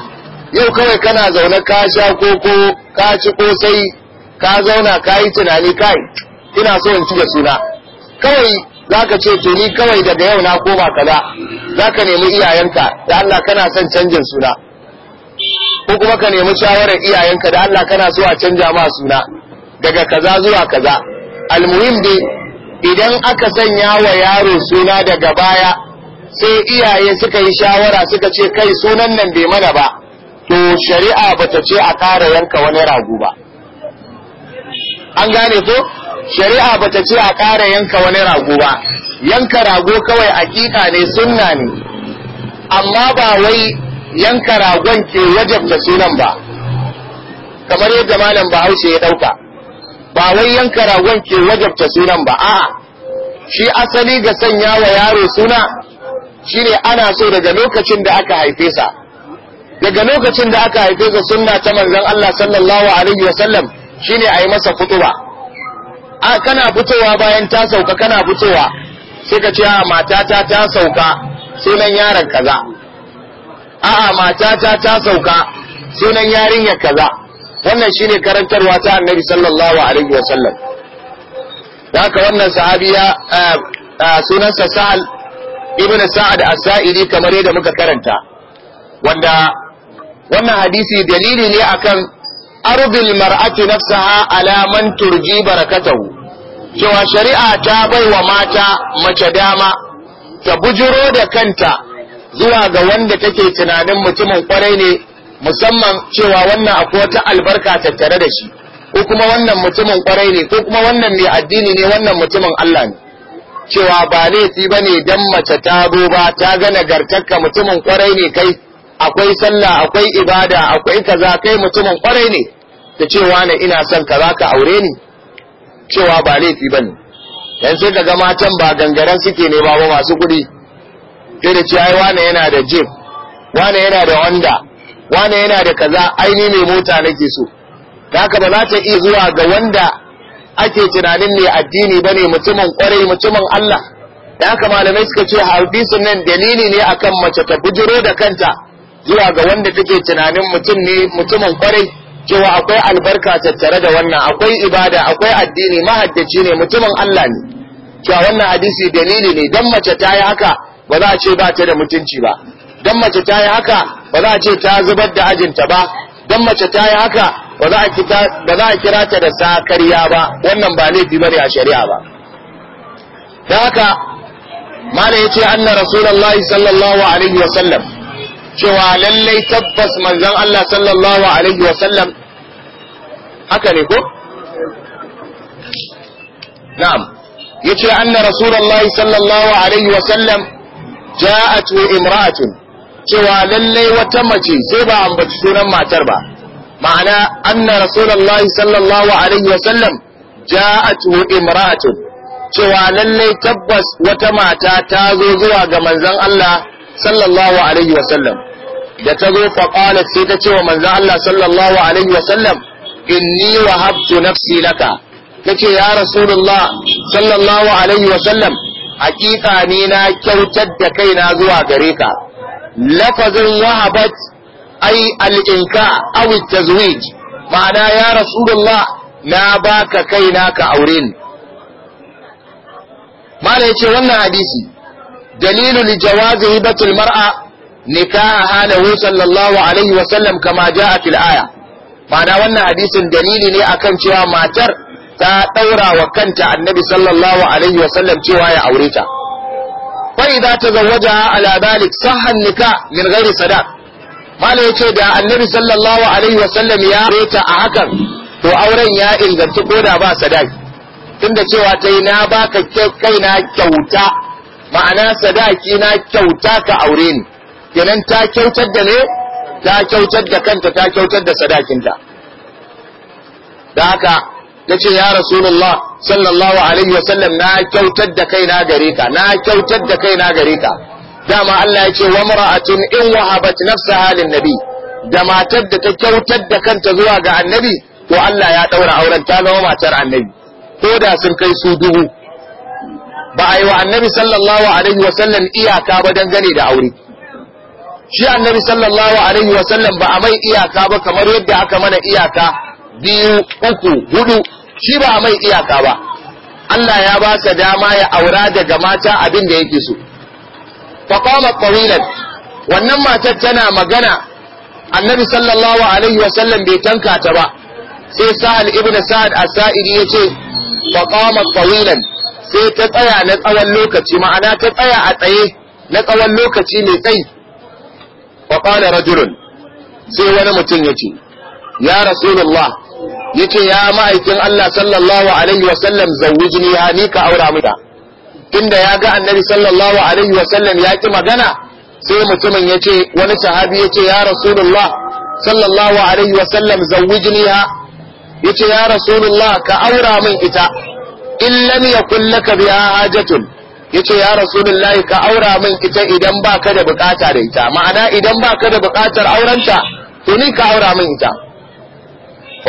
yau kawai kana zaune ka sha koko ka ci kosai ka zauna ka yi tunani kai ina so in ci da suna kawai za ka ce to ni kawai daga yau na koma kaza za ka nemi iyayenka da Allah kana son canjin suna ko kuma ka nemi shawarar iyayenka da Allah kana so a canja ma suna daga kaza zuwa kaza almuhim dai idan aka sanya wa yaro suna daga baya sai iyaye suka yi shawara suka ce kai sunan nan bai mana ba to shari'a bata ce a ƙara yanka wani rago ba an gane ko shari'a bata ce a ƙara yanka wani rago ba yanka rago kawai aƙiƙa ne sunna ne amma ba wai yanka ragon ke wajabta sunan ba kamar yadda malam bahaushe ya ɗauka ba wai yanka ragon ke wajabta sunan ba a'a shi asali ga sanya wa yaro suna shine ana so daga lokacin da aka haife sa daga lokacin da aka haife sa sunna ta manzon Allah sallallahu alaihi wasallam shine ayi masa fituwa a kana fitowa bayan ta sauka kana fitowa sai ka ce a matata ta sauka sunan yaron kaza a'a matata ta sauka sunan yarinya kaza wannan shine karantarwa ta annabi sallallahu alaihi wasallam haka wannan sahabiya eh, eh, sunansa sa'al ibn sa'ad as-sa'idi kamar yadda muka karanta wanda wannan hadisi dalili ne akan arbil mar'atu nafsaha ala man turji barakatahu cewa shari'a ta bai wa mata mace dama ta bujuro da kanta zuwa ga wanda take tunanin mutumin kwarai ne musamman cewa wannan akwai wata albarka tattare da shi ko kuma wannan mutumin kwarai ne ko kuma wannan mai addini ne wannan mutumin Allah ne cewa ba laifi ba ne don mace ta zo ba ta gane gartakka mutumin kwarai ne kai akwai sallah akwai ibada akwai kaza kai mutumin kwarai ne ta ce wane ina son za ka aure ni cewa ba laifi ba ne dan sai kaga matan ba gangaren suke ne ba masu kuɗi sai da ce ai wane yana da jeep wane yana da honda wane yana da kaza aini ne mota nake so da ba za ta iya zuwa ga wanda ake tunanin ne addini bane mutumin kwarai mutumin Allah da haka malamai suka ce hadisin nan dalili ne akan mace ta bujiro da kanta zuwa ga wanda take tunanin mutum ne mutumin kwarai cewa akwai albarka tattare da wannan akwai ibada akwai addini mahaddaci ne mutumin Allah ne cewa wannan hadisi dalili ne dan mace ta yi haka ba za a ce ba ta da mutunci ba dan mace ta yi haka ba za a ce ta zubar da ajinta ba dan mace ta yi haka ba za a kira ta da sakarya ba wannan ba laifi bane a shari'a ba da haka mala yace anna rasulullahi sallallahu alaihi wa sallam cewa lallai tabbas manzon Allah sallallahu alaihi wa sallam haka ne ko na'am yace anna rasulullahi sallallahu alaihi wa sallam ja'atu imra'atun cewa lallai wata mace sai ba ambaci sunan matar ba ma'ana anna rasulullahi sallallahu alaihi wasallam ja'atuhu imra'atun cewa lallai tabbas wata mata ta zo zuwa ga manzon Allah sallallahu alaihi wasallam da ta zo fa qalat sai ta ce wa manzon Allah sallallahu alaihi wasallam inni wa wahabtu nafsi laka tace ya rasulullah sallallahu alaihi wasallam hakika ni na kyautar da kaina zuwa gare ka lafazin wahabat ai al'inka awi tazwij ma'ana ya rasulullah na baka kaina ka aure ni mala yace wannan hadisi dalilu li jawazi hibatul mar'a nikaha lahu sallallahu alaihi wa sallam kama jaa fil aya ma'ana wannan hadisin dalili ne akan cewa matar ta daura wa kanta annabi sallallahu alaihi wa sallam cewa ya aure ta fa idza tazawwaja ala dalik sahha nikah min ghairi sadaq malai yace da annabi sallallahu alaihi wasallam ya rota a hakan to auren ya inganta ko da ba sadaki tunda cewa ta yi na baka kaina kyauta ma'ana sadaki na kyauta ka aure ni kenan ta kyautar da ne ta kyautar da kanta ta kyautar da sadakinta da haka ya ce ya rasulullah sallallahu alaihi wasallam na kyautar da kaina gare ka na kyautar da kaina gare ka dama Allah ya ce wa mar'atun in wahabat nafsaha lin nabi da matar da ta kyautar da kanta zuwa ga annabi to Allah ya daura auren ta zama matar annabi ko da sun kai su duhu. ba a yi wa annabi sallallahu alaihi wa sallam iyaka ba dangane da aure shi annabi sallallahu alaihi wa sallam ba a mai iyaka ba kamar yadda aka mana iyaka biyu uku hudu shi ba a mai iyaka ba Allah ya ba sa dama ya aura daga mata abin da yake so fa qama tawilan wannan matar tana magana annabi sallallahu alaihi wa sallam bai tanka ta ba sai sa'al Ibn sa'ad as-sa'idi ce fa qama tawilan sai ta tsaya na tsawon lokaci ma'ana ta tsaya a tsaye na tsawon lokaci mai tsayi fa qala rajulun sai wani mutum ya ce ya rasulullah yace ya ma'aikin Allah sallallahu alaihi wa sallam jini ya ni ka aura mu da tunda ya ga annabi sallallahu alaihi wa sallam ya ki magana sai mutumin ya ce wani sahabi ya ce ya rasulullah sallallahu alaihi wa sallam zawwijniha ya ce ya rasulullah ka aura min ita in lam yakul laka biha hajatun ya ce ya rasulullah ka aura min ita idan baka da bukata da ita ma'ana idan baka da bukatar aurenta to ni ka aura min ita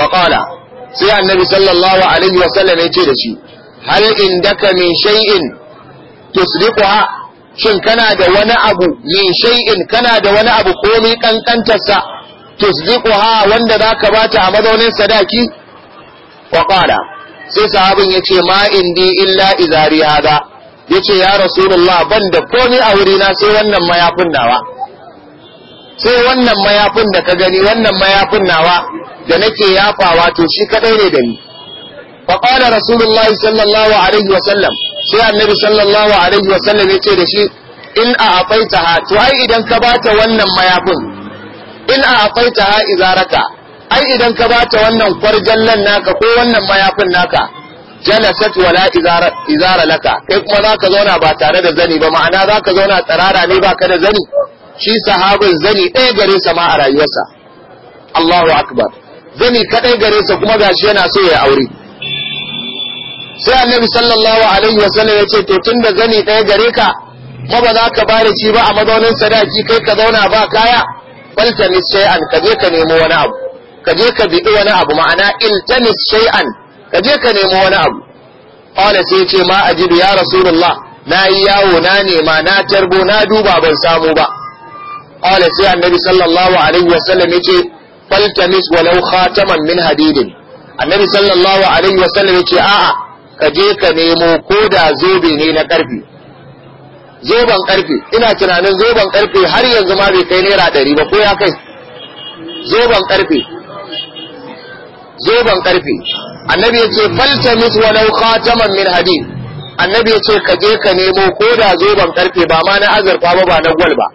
wa qala sai annabi sallallahu alaihi wa sallam ya ce da shi hal indaka min shay'in tusdiquha shin kana da wani abu min shay'in kana da wani abu komai kankantarsa tusdiquha wanda zaka bata a mazaunin sadaki wa qala sai sahabin yace ma indi illa izari hada yace ya rasulullah ban da komai a wurina sai wannan mayafin nawa sai wannan mayafin da ka gani wannan mayafin nawa da nake yafawa to shi kadai ne da ni fa qala rasulullahi sallallahu alaihi wa sallam sai annabi sallallahu alaihi wa ya ce da shi in a ha to ai idan ka bata wannan mayafin in a ha izaraka ai idan ka bata wannan kwarjallan naka ko wannan mayafin naka jalasat wala izara izara laka kai kuma zaka zauna ba tare da zani ba ma'ana zaka zauna tsarara ne ba ka da zani shi sahabin zani ɗaya gare sa ma a rayuwarsa Allahu akbar zani kaɗai gare sa kuma gashi yana so ya aure sai annabi sallallahu alaihi wasallam ya ce to tun da zani ɗaya gare ka ma ba za ka ba da shi ba a mazaunin sadaki kai ka zauna ba kaya faltanis shay'an ka je ka nemo wani abu ka je ka biɗi wani abu ma'ana tanis shay'an ka je ka nemo wani abu qala sai ce ma ajidu ya rasulullah na yi yawo na nema na tarbo na duba ban samu ba qala sai annabi sallallahu alaihi wa wasallam ya ce faltanis walau khataman min hadidin annabi sallallahu alaihi wasallam ya ce a'a ka je ka nemo ko da zobe ne na ƙarfe, zoben ƙarfe ina tunanin zoben ƙarfe har yanzu ma bai kai naira ɗari ba ko ya kai zoben ƙarfe, zoben karfe annabi ya ce wa walau khataman min hadid annabi ya ce ka je ka nemo ko da zoben ƙarfe ba ma na azurfa ba ba na gwal ba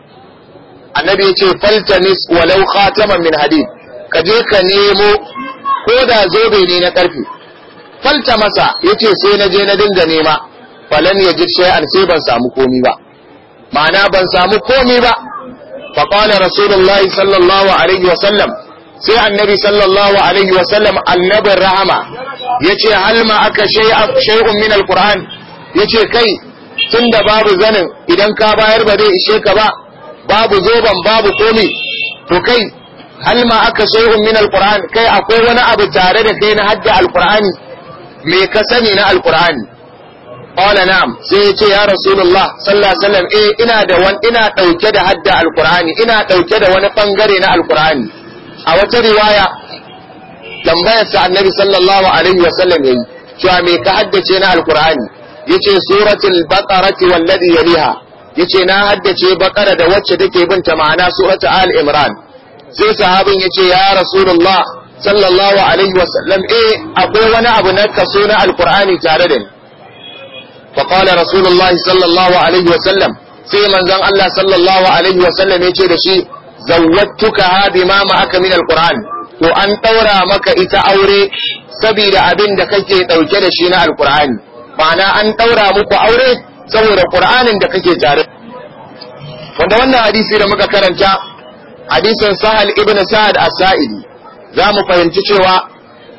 annabi ya ce faltamis walau khataman min hadid ka je ka nemo ko da zobe ne na ƙarfe. falta masa yace sai na je na dinga nema falan ya shay'an sai ban samu komi ba ma'ana ban samu komi ba fa qala rasulullahi sallallahu alaihi wa sallam sai annabi sallallahu alaihi wa sallam annabin rahama yace hal ma aka shay'un min alquran yace kai tunda babu zanin idan ka bayar ba zai ishe ka ba babu zoban babu komi to kai hal ma aka shay'un min alquran kai akwai wani abu tare da kai na hadda alqurani me ka sani na alqur'ani qala na'am sai ya ce ya rasulullah sallallahu alaihi eh ina da wani ina ɗauke da hadda alqur'ani ina ɗauke da wani ɓangare na alqur'ani a wata riwaya tambayar sa annabi sallallahu alaihi wasallam yayi cewa me ka haddace na alkur'ani yace suratul baqarati wallazi yaliha yace na haddace baƙara da wacce take binta ma'ana suratul al imran sai sahabin yace ya rasulullah sallallahu alaihi wasallam eh akwai wani abu na kaso na alqur'ani tare da ni fa rasulullahi sallallahu alaihi wasallam sai manzon Allah sallallahu alaihi wasallam yace da shi zawwattuka ha ma aka min alqur'an To an daura maka ita aure saboda abin da kake dauke da shi na alqur'ani ma'ana an daura muku aure saboda qur'anin da kake tare wanda wannan hadisi da muka karanta hadisin sahal ibn sa'ad as-sa'idi za mu fahimci cewa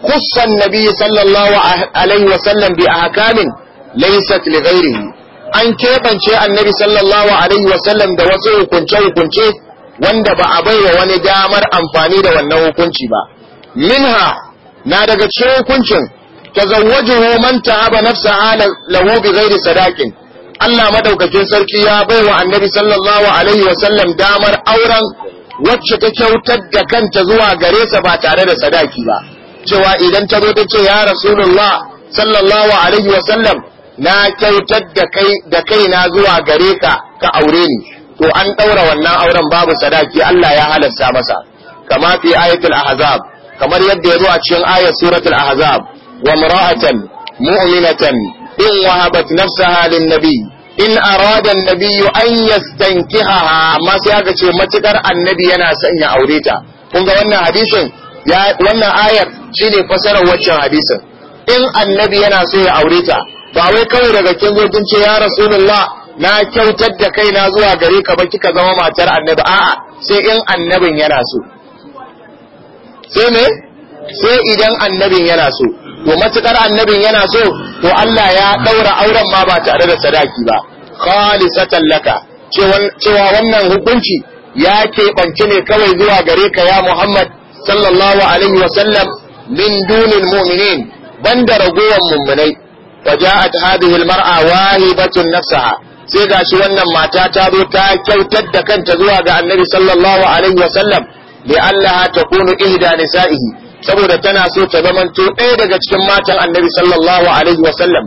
kusan nabi sallallahu alaihi wasallam bi ahkamin laysat li ghairihi an kebance annabi sallallahu alaihi wasallam da wasu hukunce hukunce wanda ba a baiwa wani damar amfani da wannan hukunci ba minha na daga cikin hukuncin tazawwajuhu man ta'aba nafsaha lahu bi ghairi sadaqin Allah madaukakin sarki ya baiwa annabi sallallahu alaihi wasallam damar auren wacce ta kyautar da kanta zuwa gare sa ba tare da sadaki ba cewa idan ta zo ta ce ya rasulullah sallallahu alaihi wasallam na kyautar da kai da zuwa gare ka ka aure ni to an daura wannan auren babu sadaki Allah ya halasta masa kama fi ayatul ahzab kamar yadda ya zo a cikin ayat suratul ahzab wa mara'atan mu'minatan in wahabat nafsaha lin nabi in arada nabiyu an yastankiha amma sai aka ce matukar annabi yana son ya aure ta kun ga wannan hadisin ya wannan ayar shine fasara waccan hadisin in annabi yana so ya aure ta ba wai kawai daga kin zo kin ce ya rasulullah na kyautar da kaina zuwa gare ka ba kika zama matar annabi a'a sai in annabin yana so sai ne sai idan annabin yana so to matukar annabin yana so to Allah ya daura auren ma ba tare da sadaki ba khalisatan laka cewa wannan hukunci ya keɓance ne kawai zuwa gare ka ya Muhammad sallallahu alaihi wa sallam min dunin mu'minin banda ragowar mummunai wa ja'at hadhihi al wahibatun nafsaha sai gashi wannan mata ta zo ta kyautar da kanta zuwa ga Annabi sallallahu alaihi wa sallam li Allah takunu ihda nisa'ihi saboda tana so ta zamanto ɗaya daga cikin matan annabi sallallahu alaihi wasallam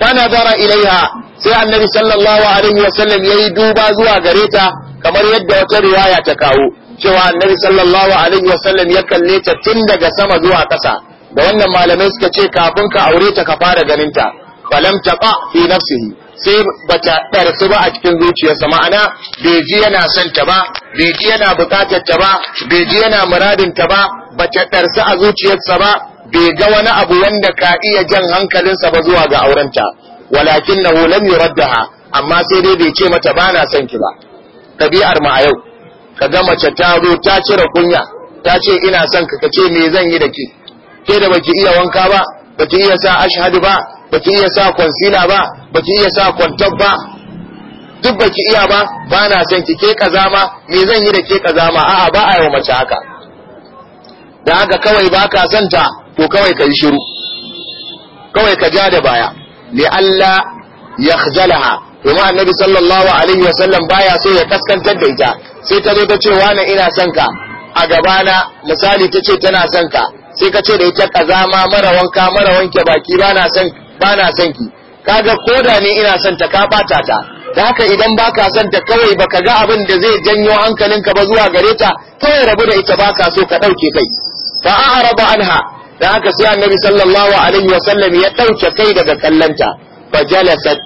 kana zara ilaiha sai annabi sallallahu alaihi wasallam yayi duba zuwa gare ta kamar yadda wata riwaya ta kawo cewa annabi sallallahu alaihi wasallam ya kalle ta tun daga sama zuwa ƙasa da wannan malamai suka ce kafin ka aure ta ka fara ganin ta falam taqa fi nafsihi sai bata ɗarsu ba a cikin zuciyarsa ma'ana bai ji yana son ta ba bai ji yana bukatar ta ba bai ji yana muradin ta ba ba ta ɗarsa a zuciyarsa ba bai ga wani abu wanda ka iya jan hankalinsa ba zuwa ga aurenta walakin na lam yuraddaha amma sai dai bai ce mata ba na son ki ba ɗabi'ar ma a yau ka ga mace ta zo ta cire kunya ta ce ina son ka ka ce me zan yi da ki ke da baki iya wanka ba baki iya sa ashhadu ba baki iya sa concealer ba baki iya sa kwantar ba duk baki iya ba ba na son ki ke kaza ma me zan yi da ke kaza ma a'a ba a yau mace haka da haka kawai ba ka santa to kawai ka yi shiru kawai ka ja da baya li Allah ya khzalaha annabi sallallahu alaihi wa sallam baya so ya kaskantar da ita sai ta zo ta ce wani ina son ka a na misali ta ce tana son ka sai ka ce da ita kazama mara wanka mara wanke baki bana son bana son ki kaga koda ne ina santa ta ka bata ta da haka idan baka son ta kawai baka ga abin da zai janyo hankalinka ba zuwa gare ta kawai rabu da ita baka so ka ɗauke kai fa a'rada anha dan aka sai annabi sallallahu alaihi ya dauke kai daga kallanta fa jalasat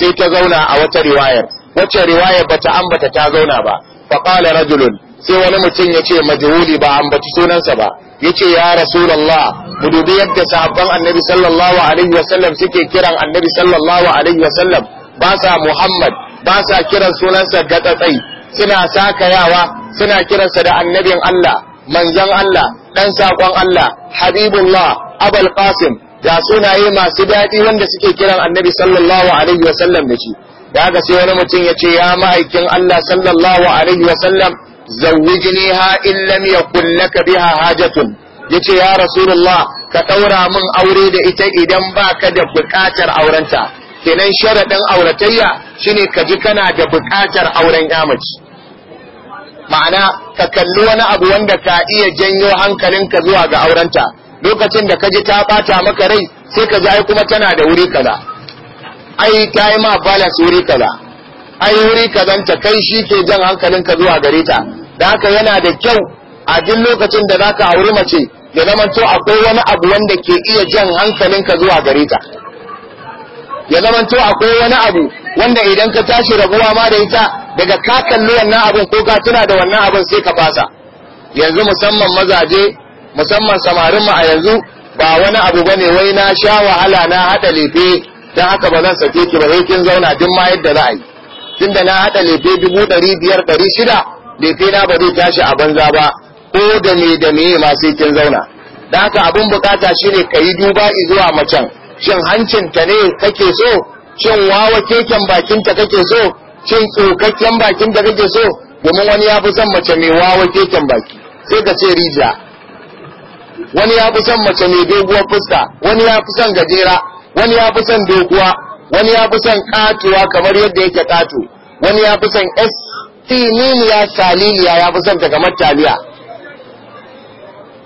sai ta zauna a wata riwayar wacce riwayar bata ambata ta zauna ba fa qala rajulun sai wani mutum ya ce majhuli ba ambaci sunansa ba ya ce ya rasulallah mu dubi yadda sahabban annabi sallallahu alaihi wasallam suke kiran annabi sallallahu alaihi wasallam ba sa muhammad ba sa kiran sunansa gatsatsai suna sakayawa suna kiransa da annabin allah manzan Allah ɗan saƙon Allah habibullah abul qasim da sunaye masu daɗi wanda suke kiran annabi sallallahu alaihi wa da shi da haka sai wani mutum ya ce ya ma'aikin Allah sallallahu alaihi wa sallam zawwijni ha in lam yakul biha hajatun yace ya rasulullah ka ɗaura min aure da ita idan baka da buƙatar aurenta kenan sharadin auratayya shine ka ji kana da buƙatar auren yamaci ma'ana ka kalli wani abu wanda ka iya janyo hankalinka zuwa ga aurenta lokacin da ka ta bata maka rai sai ka ji ai kuma tana da wuri kaza ai ta yi ma balance wuri kaza ai wuri ta kai shi ke jan hankalinka zuwa gare ta da haka yana da kyau a duk lokacin da zaka auri mace ya to akwai wani abu wanda ke iya jan hankalinka zuwa gare ta ya to akwai wani abu wanda idan ka tashi rabuwa ma da ita daga ka kalli wannan abin ko ka tuna da wannan abin sai ka fasa yanzu musamman mazaje musamman samarin mu a yanzu ba wani abu bane wai na sha wahala na hada lefe dan haka ba zan sake ki ba sai kin zauna duk ma yadda za a yi tunda na hada lefe dubu ɗari biyar ɗari shida lefe na ba zai tashi a banza ba ko da me da me ma sai kin zauna dan haka abin bukata shine kayi duba duba zuwa macen shin hancinta ne kake so shin wawa keken bakinta kake so cin tsokakken bakin da kake so domin wani ya fi son mace mai wawa keken baki sai ka ce rijiya wani ya fi son mace mai doguwar fuska wani ya fi son gajera wani ya fi son doguwa wani ya fi son katuwa kamar yadda yake katu wani ya fi son s saliliya ya fi son ta kamar taliya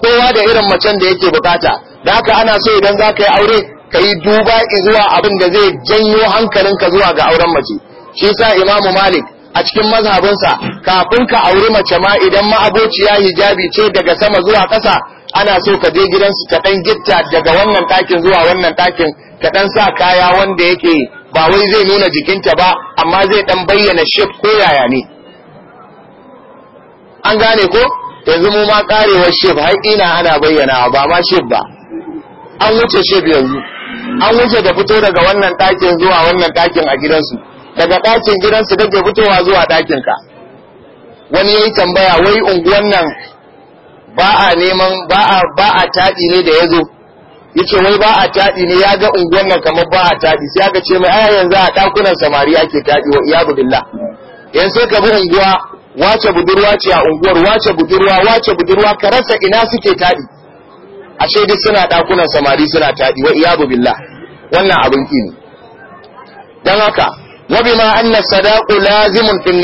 kowa da irin macen da yake bukata da haka ana so idan za ka yi aure ka yi duba zuwa abin da zai janyo hankalinka zuwa ga auren mace shi sa imamu malik a cikin mazhabinsa kafin ka auri mace ma idan ma'abociya hijabi ce daga sama zuwa ƙasa ana so ka je gidansu ka ɗan gitta daga wannan ɗakin zuwa wannan ɗakin ka ɗan sa kaya wanda yake ba wai zai nuna jikinta ba amma zai ɗan bayyana shef ko yaya ne an gane ko yanzu mu ma ƙarewar shif har ina ana bayyana ba ma shif ba an wuce shif yanzu an wuce da fito daga wannan ɗakin zuwa wannan ɗakin a gidansu daga ɗakin gidansu kake fitowa zuwa ɗakinka wani yayi tambaya wai unguwan nan ba a neman ba a ba a taɗi ne da ya zo yace wai ba a taɗi ne ya ga unguwan nan kamar ba a taɗi sai aka ce mai aya yanzu a ɗakunan samari ake taɗi wa iyadu billah yanzu sai ka bi unguwa wace budurwa ce a unguwar wace budurwa wace budurwa ka rasa ina suke taɗi A shaidu suna ɗakunan samari suna taɗi wa iyadu billah wannan abin kini dan haka wa bima anna sadaqu lazimun fil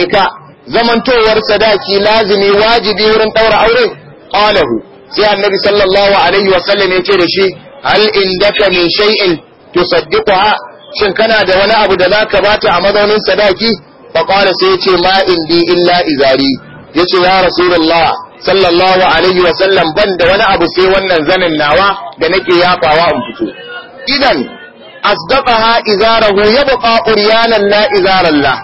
zamantowar sadaki lazimi wajibi wurin ɗaura aure qalahu sai annabi sallallahu alaihi wa sallam yace da shi hal indaka min shay'in tusaddiquha shin kana da wani abu da zaka bata a mazaunin sadaki fa qala sai yace ma indi illa izari yace ya rasulullah sallallahu alaihi wa sallam ban da wani abu sai wannan zanin nawa da nake yafawa in fito idan asdaqaha izarahu yabqa uryanan la izaran la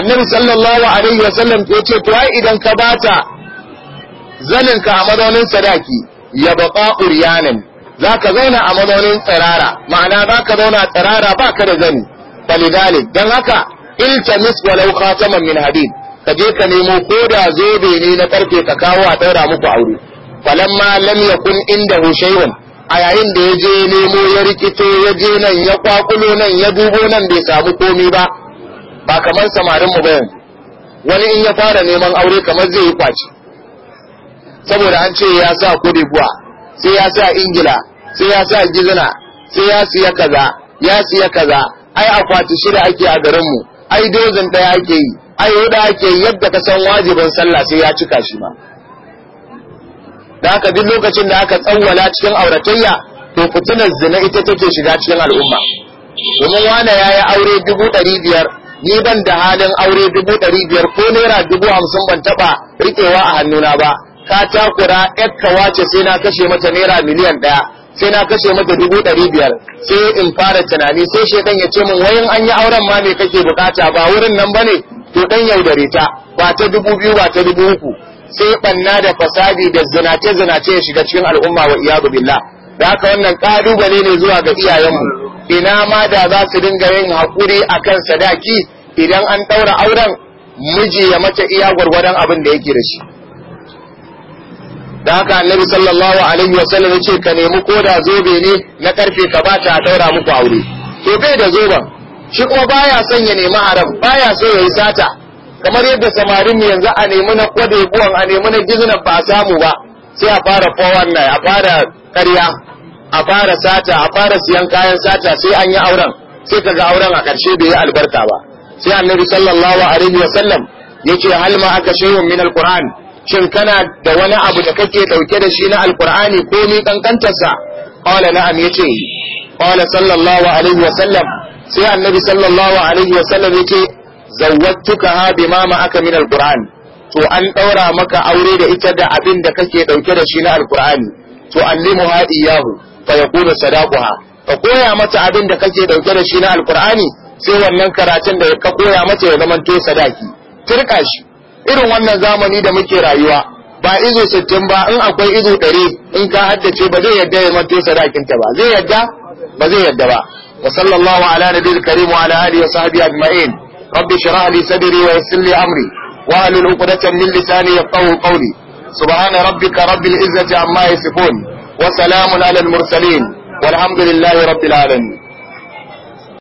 annabi sallallahu alaihi wasallam yace to ai idan ka bata zanin ka a madaunin sadaki ya yabqa uryanan zaka zauna a madaunin tsirara ma'ana zaka zauna tsirara baka da zani falidalik dan haka iltamis walau khataman min hadid ka je ka nemo ko da zobe ne na karfe ka kawo a daura muku aure falamma lam yakun inda shay'un a yayin da ya je nemo ya rikito ya je nan ya kwakulo nan ya dubo nan bai samu komi ba ba kamar samarin mu bayan wani in ya fara neman aure kamar zai yi kwaci saboda an ce ya sa kudi buwa sai ya sa ingila sai ya sa gizina sai ya siya kaza ya siya kaza ai akwati shida ake a garin mu ai dozin daya ake yi ai huda ake yadda ka san wajibin sallah sai ya cika shi ma da haka duk lokacin da aka tsawwala cikin auratayya to fitinar zina ita take shiga cikin al'umma domin Wana ya yi aure dubu ɗari biyar ni ban da halin aure dubu ɗari biyar ko naira dubu hamsin ban taɓa riƙewa a hannuna ba ka takura yakka wace sai na kashe mata naira miliyan ɗaya sai na kashe mata dubu ɗari biyar sai in fara tunani sai shekan ya ce min wayin an yi auren ma me kake bukata ba wurin nan bane to dan yaudare ta ba ta dubu biyu ba ta dubu uku sai banna da fasadi da zinace zinace ya shiga cikin al'umma wa iyadu billah da haka wannan kalubale ne zuwa ga iyayenmu ina ma da za su dinga yin hakuri akan sadaki idan an daura auren miji ya mace iya gwargwadon abin da yake da shi da haka annabi sallallahu alaihi wa sallam ya ce ka nemi koda zobe ne na karfe ka bata a daura muku aure to bai da zoben shi kuma baya son ya nemi haram baya so yayi sata kamar yadda samarin yanzu a nemi na buwan a nemi na gizina ba a samu ba sai a fara fowan nan a fara karya a fara sata a fara siyan kayan sata sai an yi auren sai ka ga auren a karshe bai yi albarka ba sai annabi sallallahu alaihi wasallam yace hal ma aka shay'un min alquran shin kana da wani abu da kake dauke da shi na alqurani ko mi kankantarsa qala na'am yace qala sallallahu alaihi wasallam sai annabi sallallahu alaihi wasallam yace zawwattuka ma aka min alquran to an daura maka aure da ita da abin da kake dauke da shi na alqurani to allimuha iyahu fa yakunu sadaquha ka koya mata abin da kake dauke da shi na alqurani sai wannan karatun da ka koya mata ya zama to sadaki turka shi irin wannan zamani da muke rayuwa ba izo sittin ba in akwai izo ɗari in ka haddace ba zai yadda ya manto sadakin ta ba zai yadda ba zai yadda ba wa sallallahu ala nabiyil karim wa ala alihi wa sahbihi ajma'in رب اشرح لي صدري ويسر لي أمري واحلل عقدة من لساني يفقهوا قولي سبحان ربك رب العزة عما يصفون وسلام على المرسلين والحمد لله رب العالمين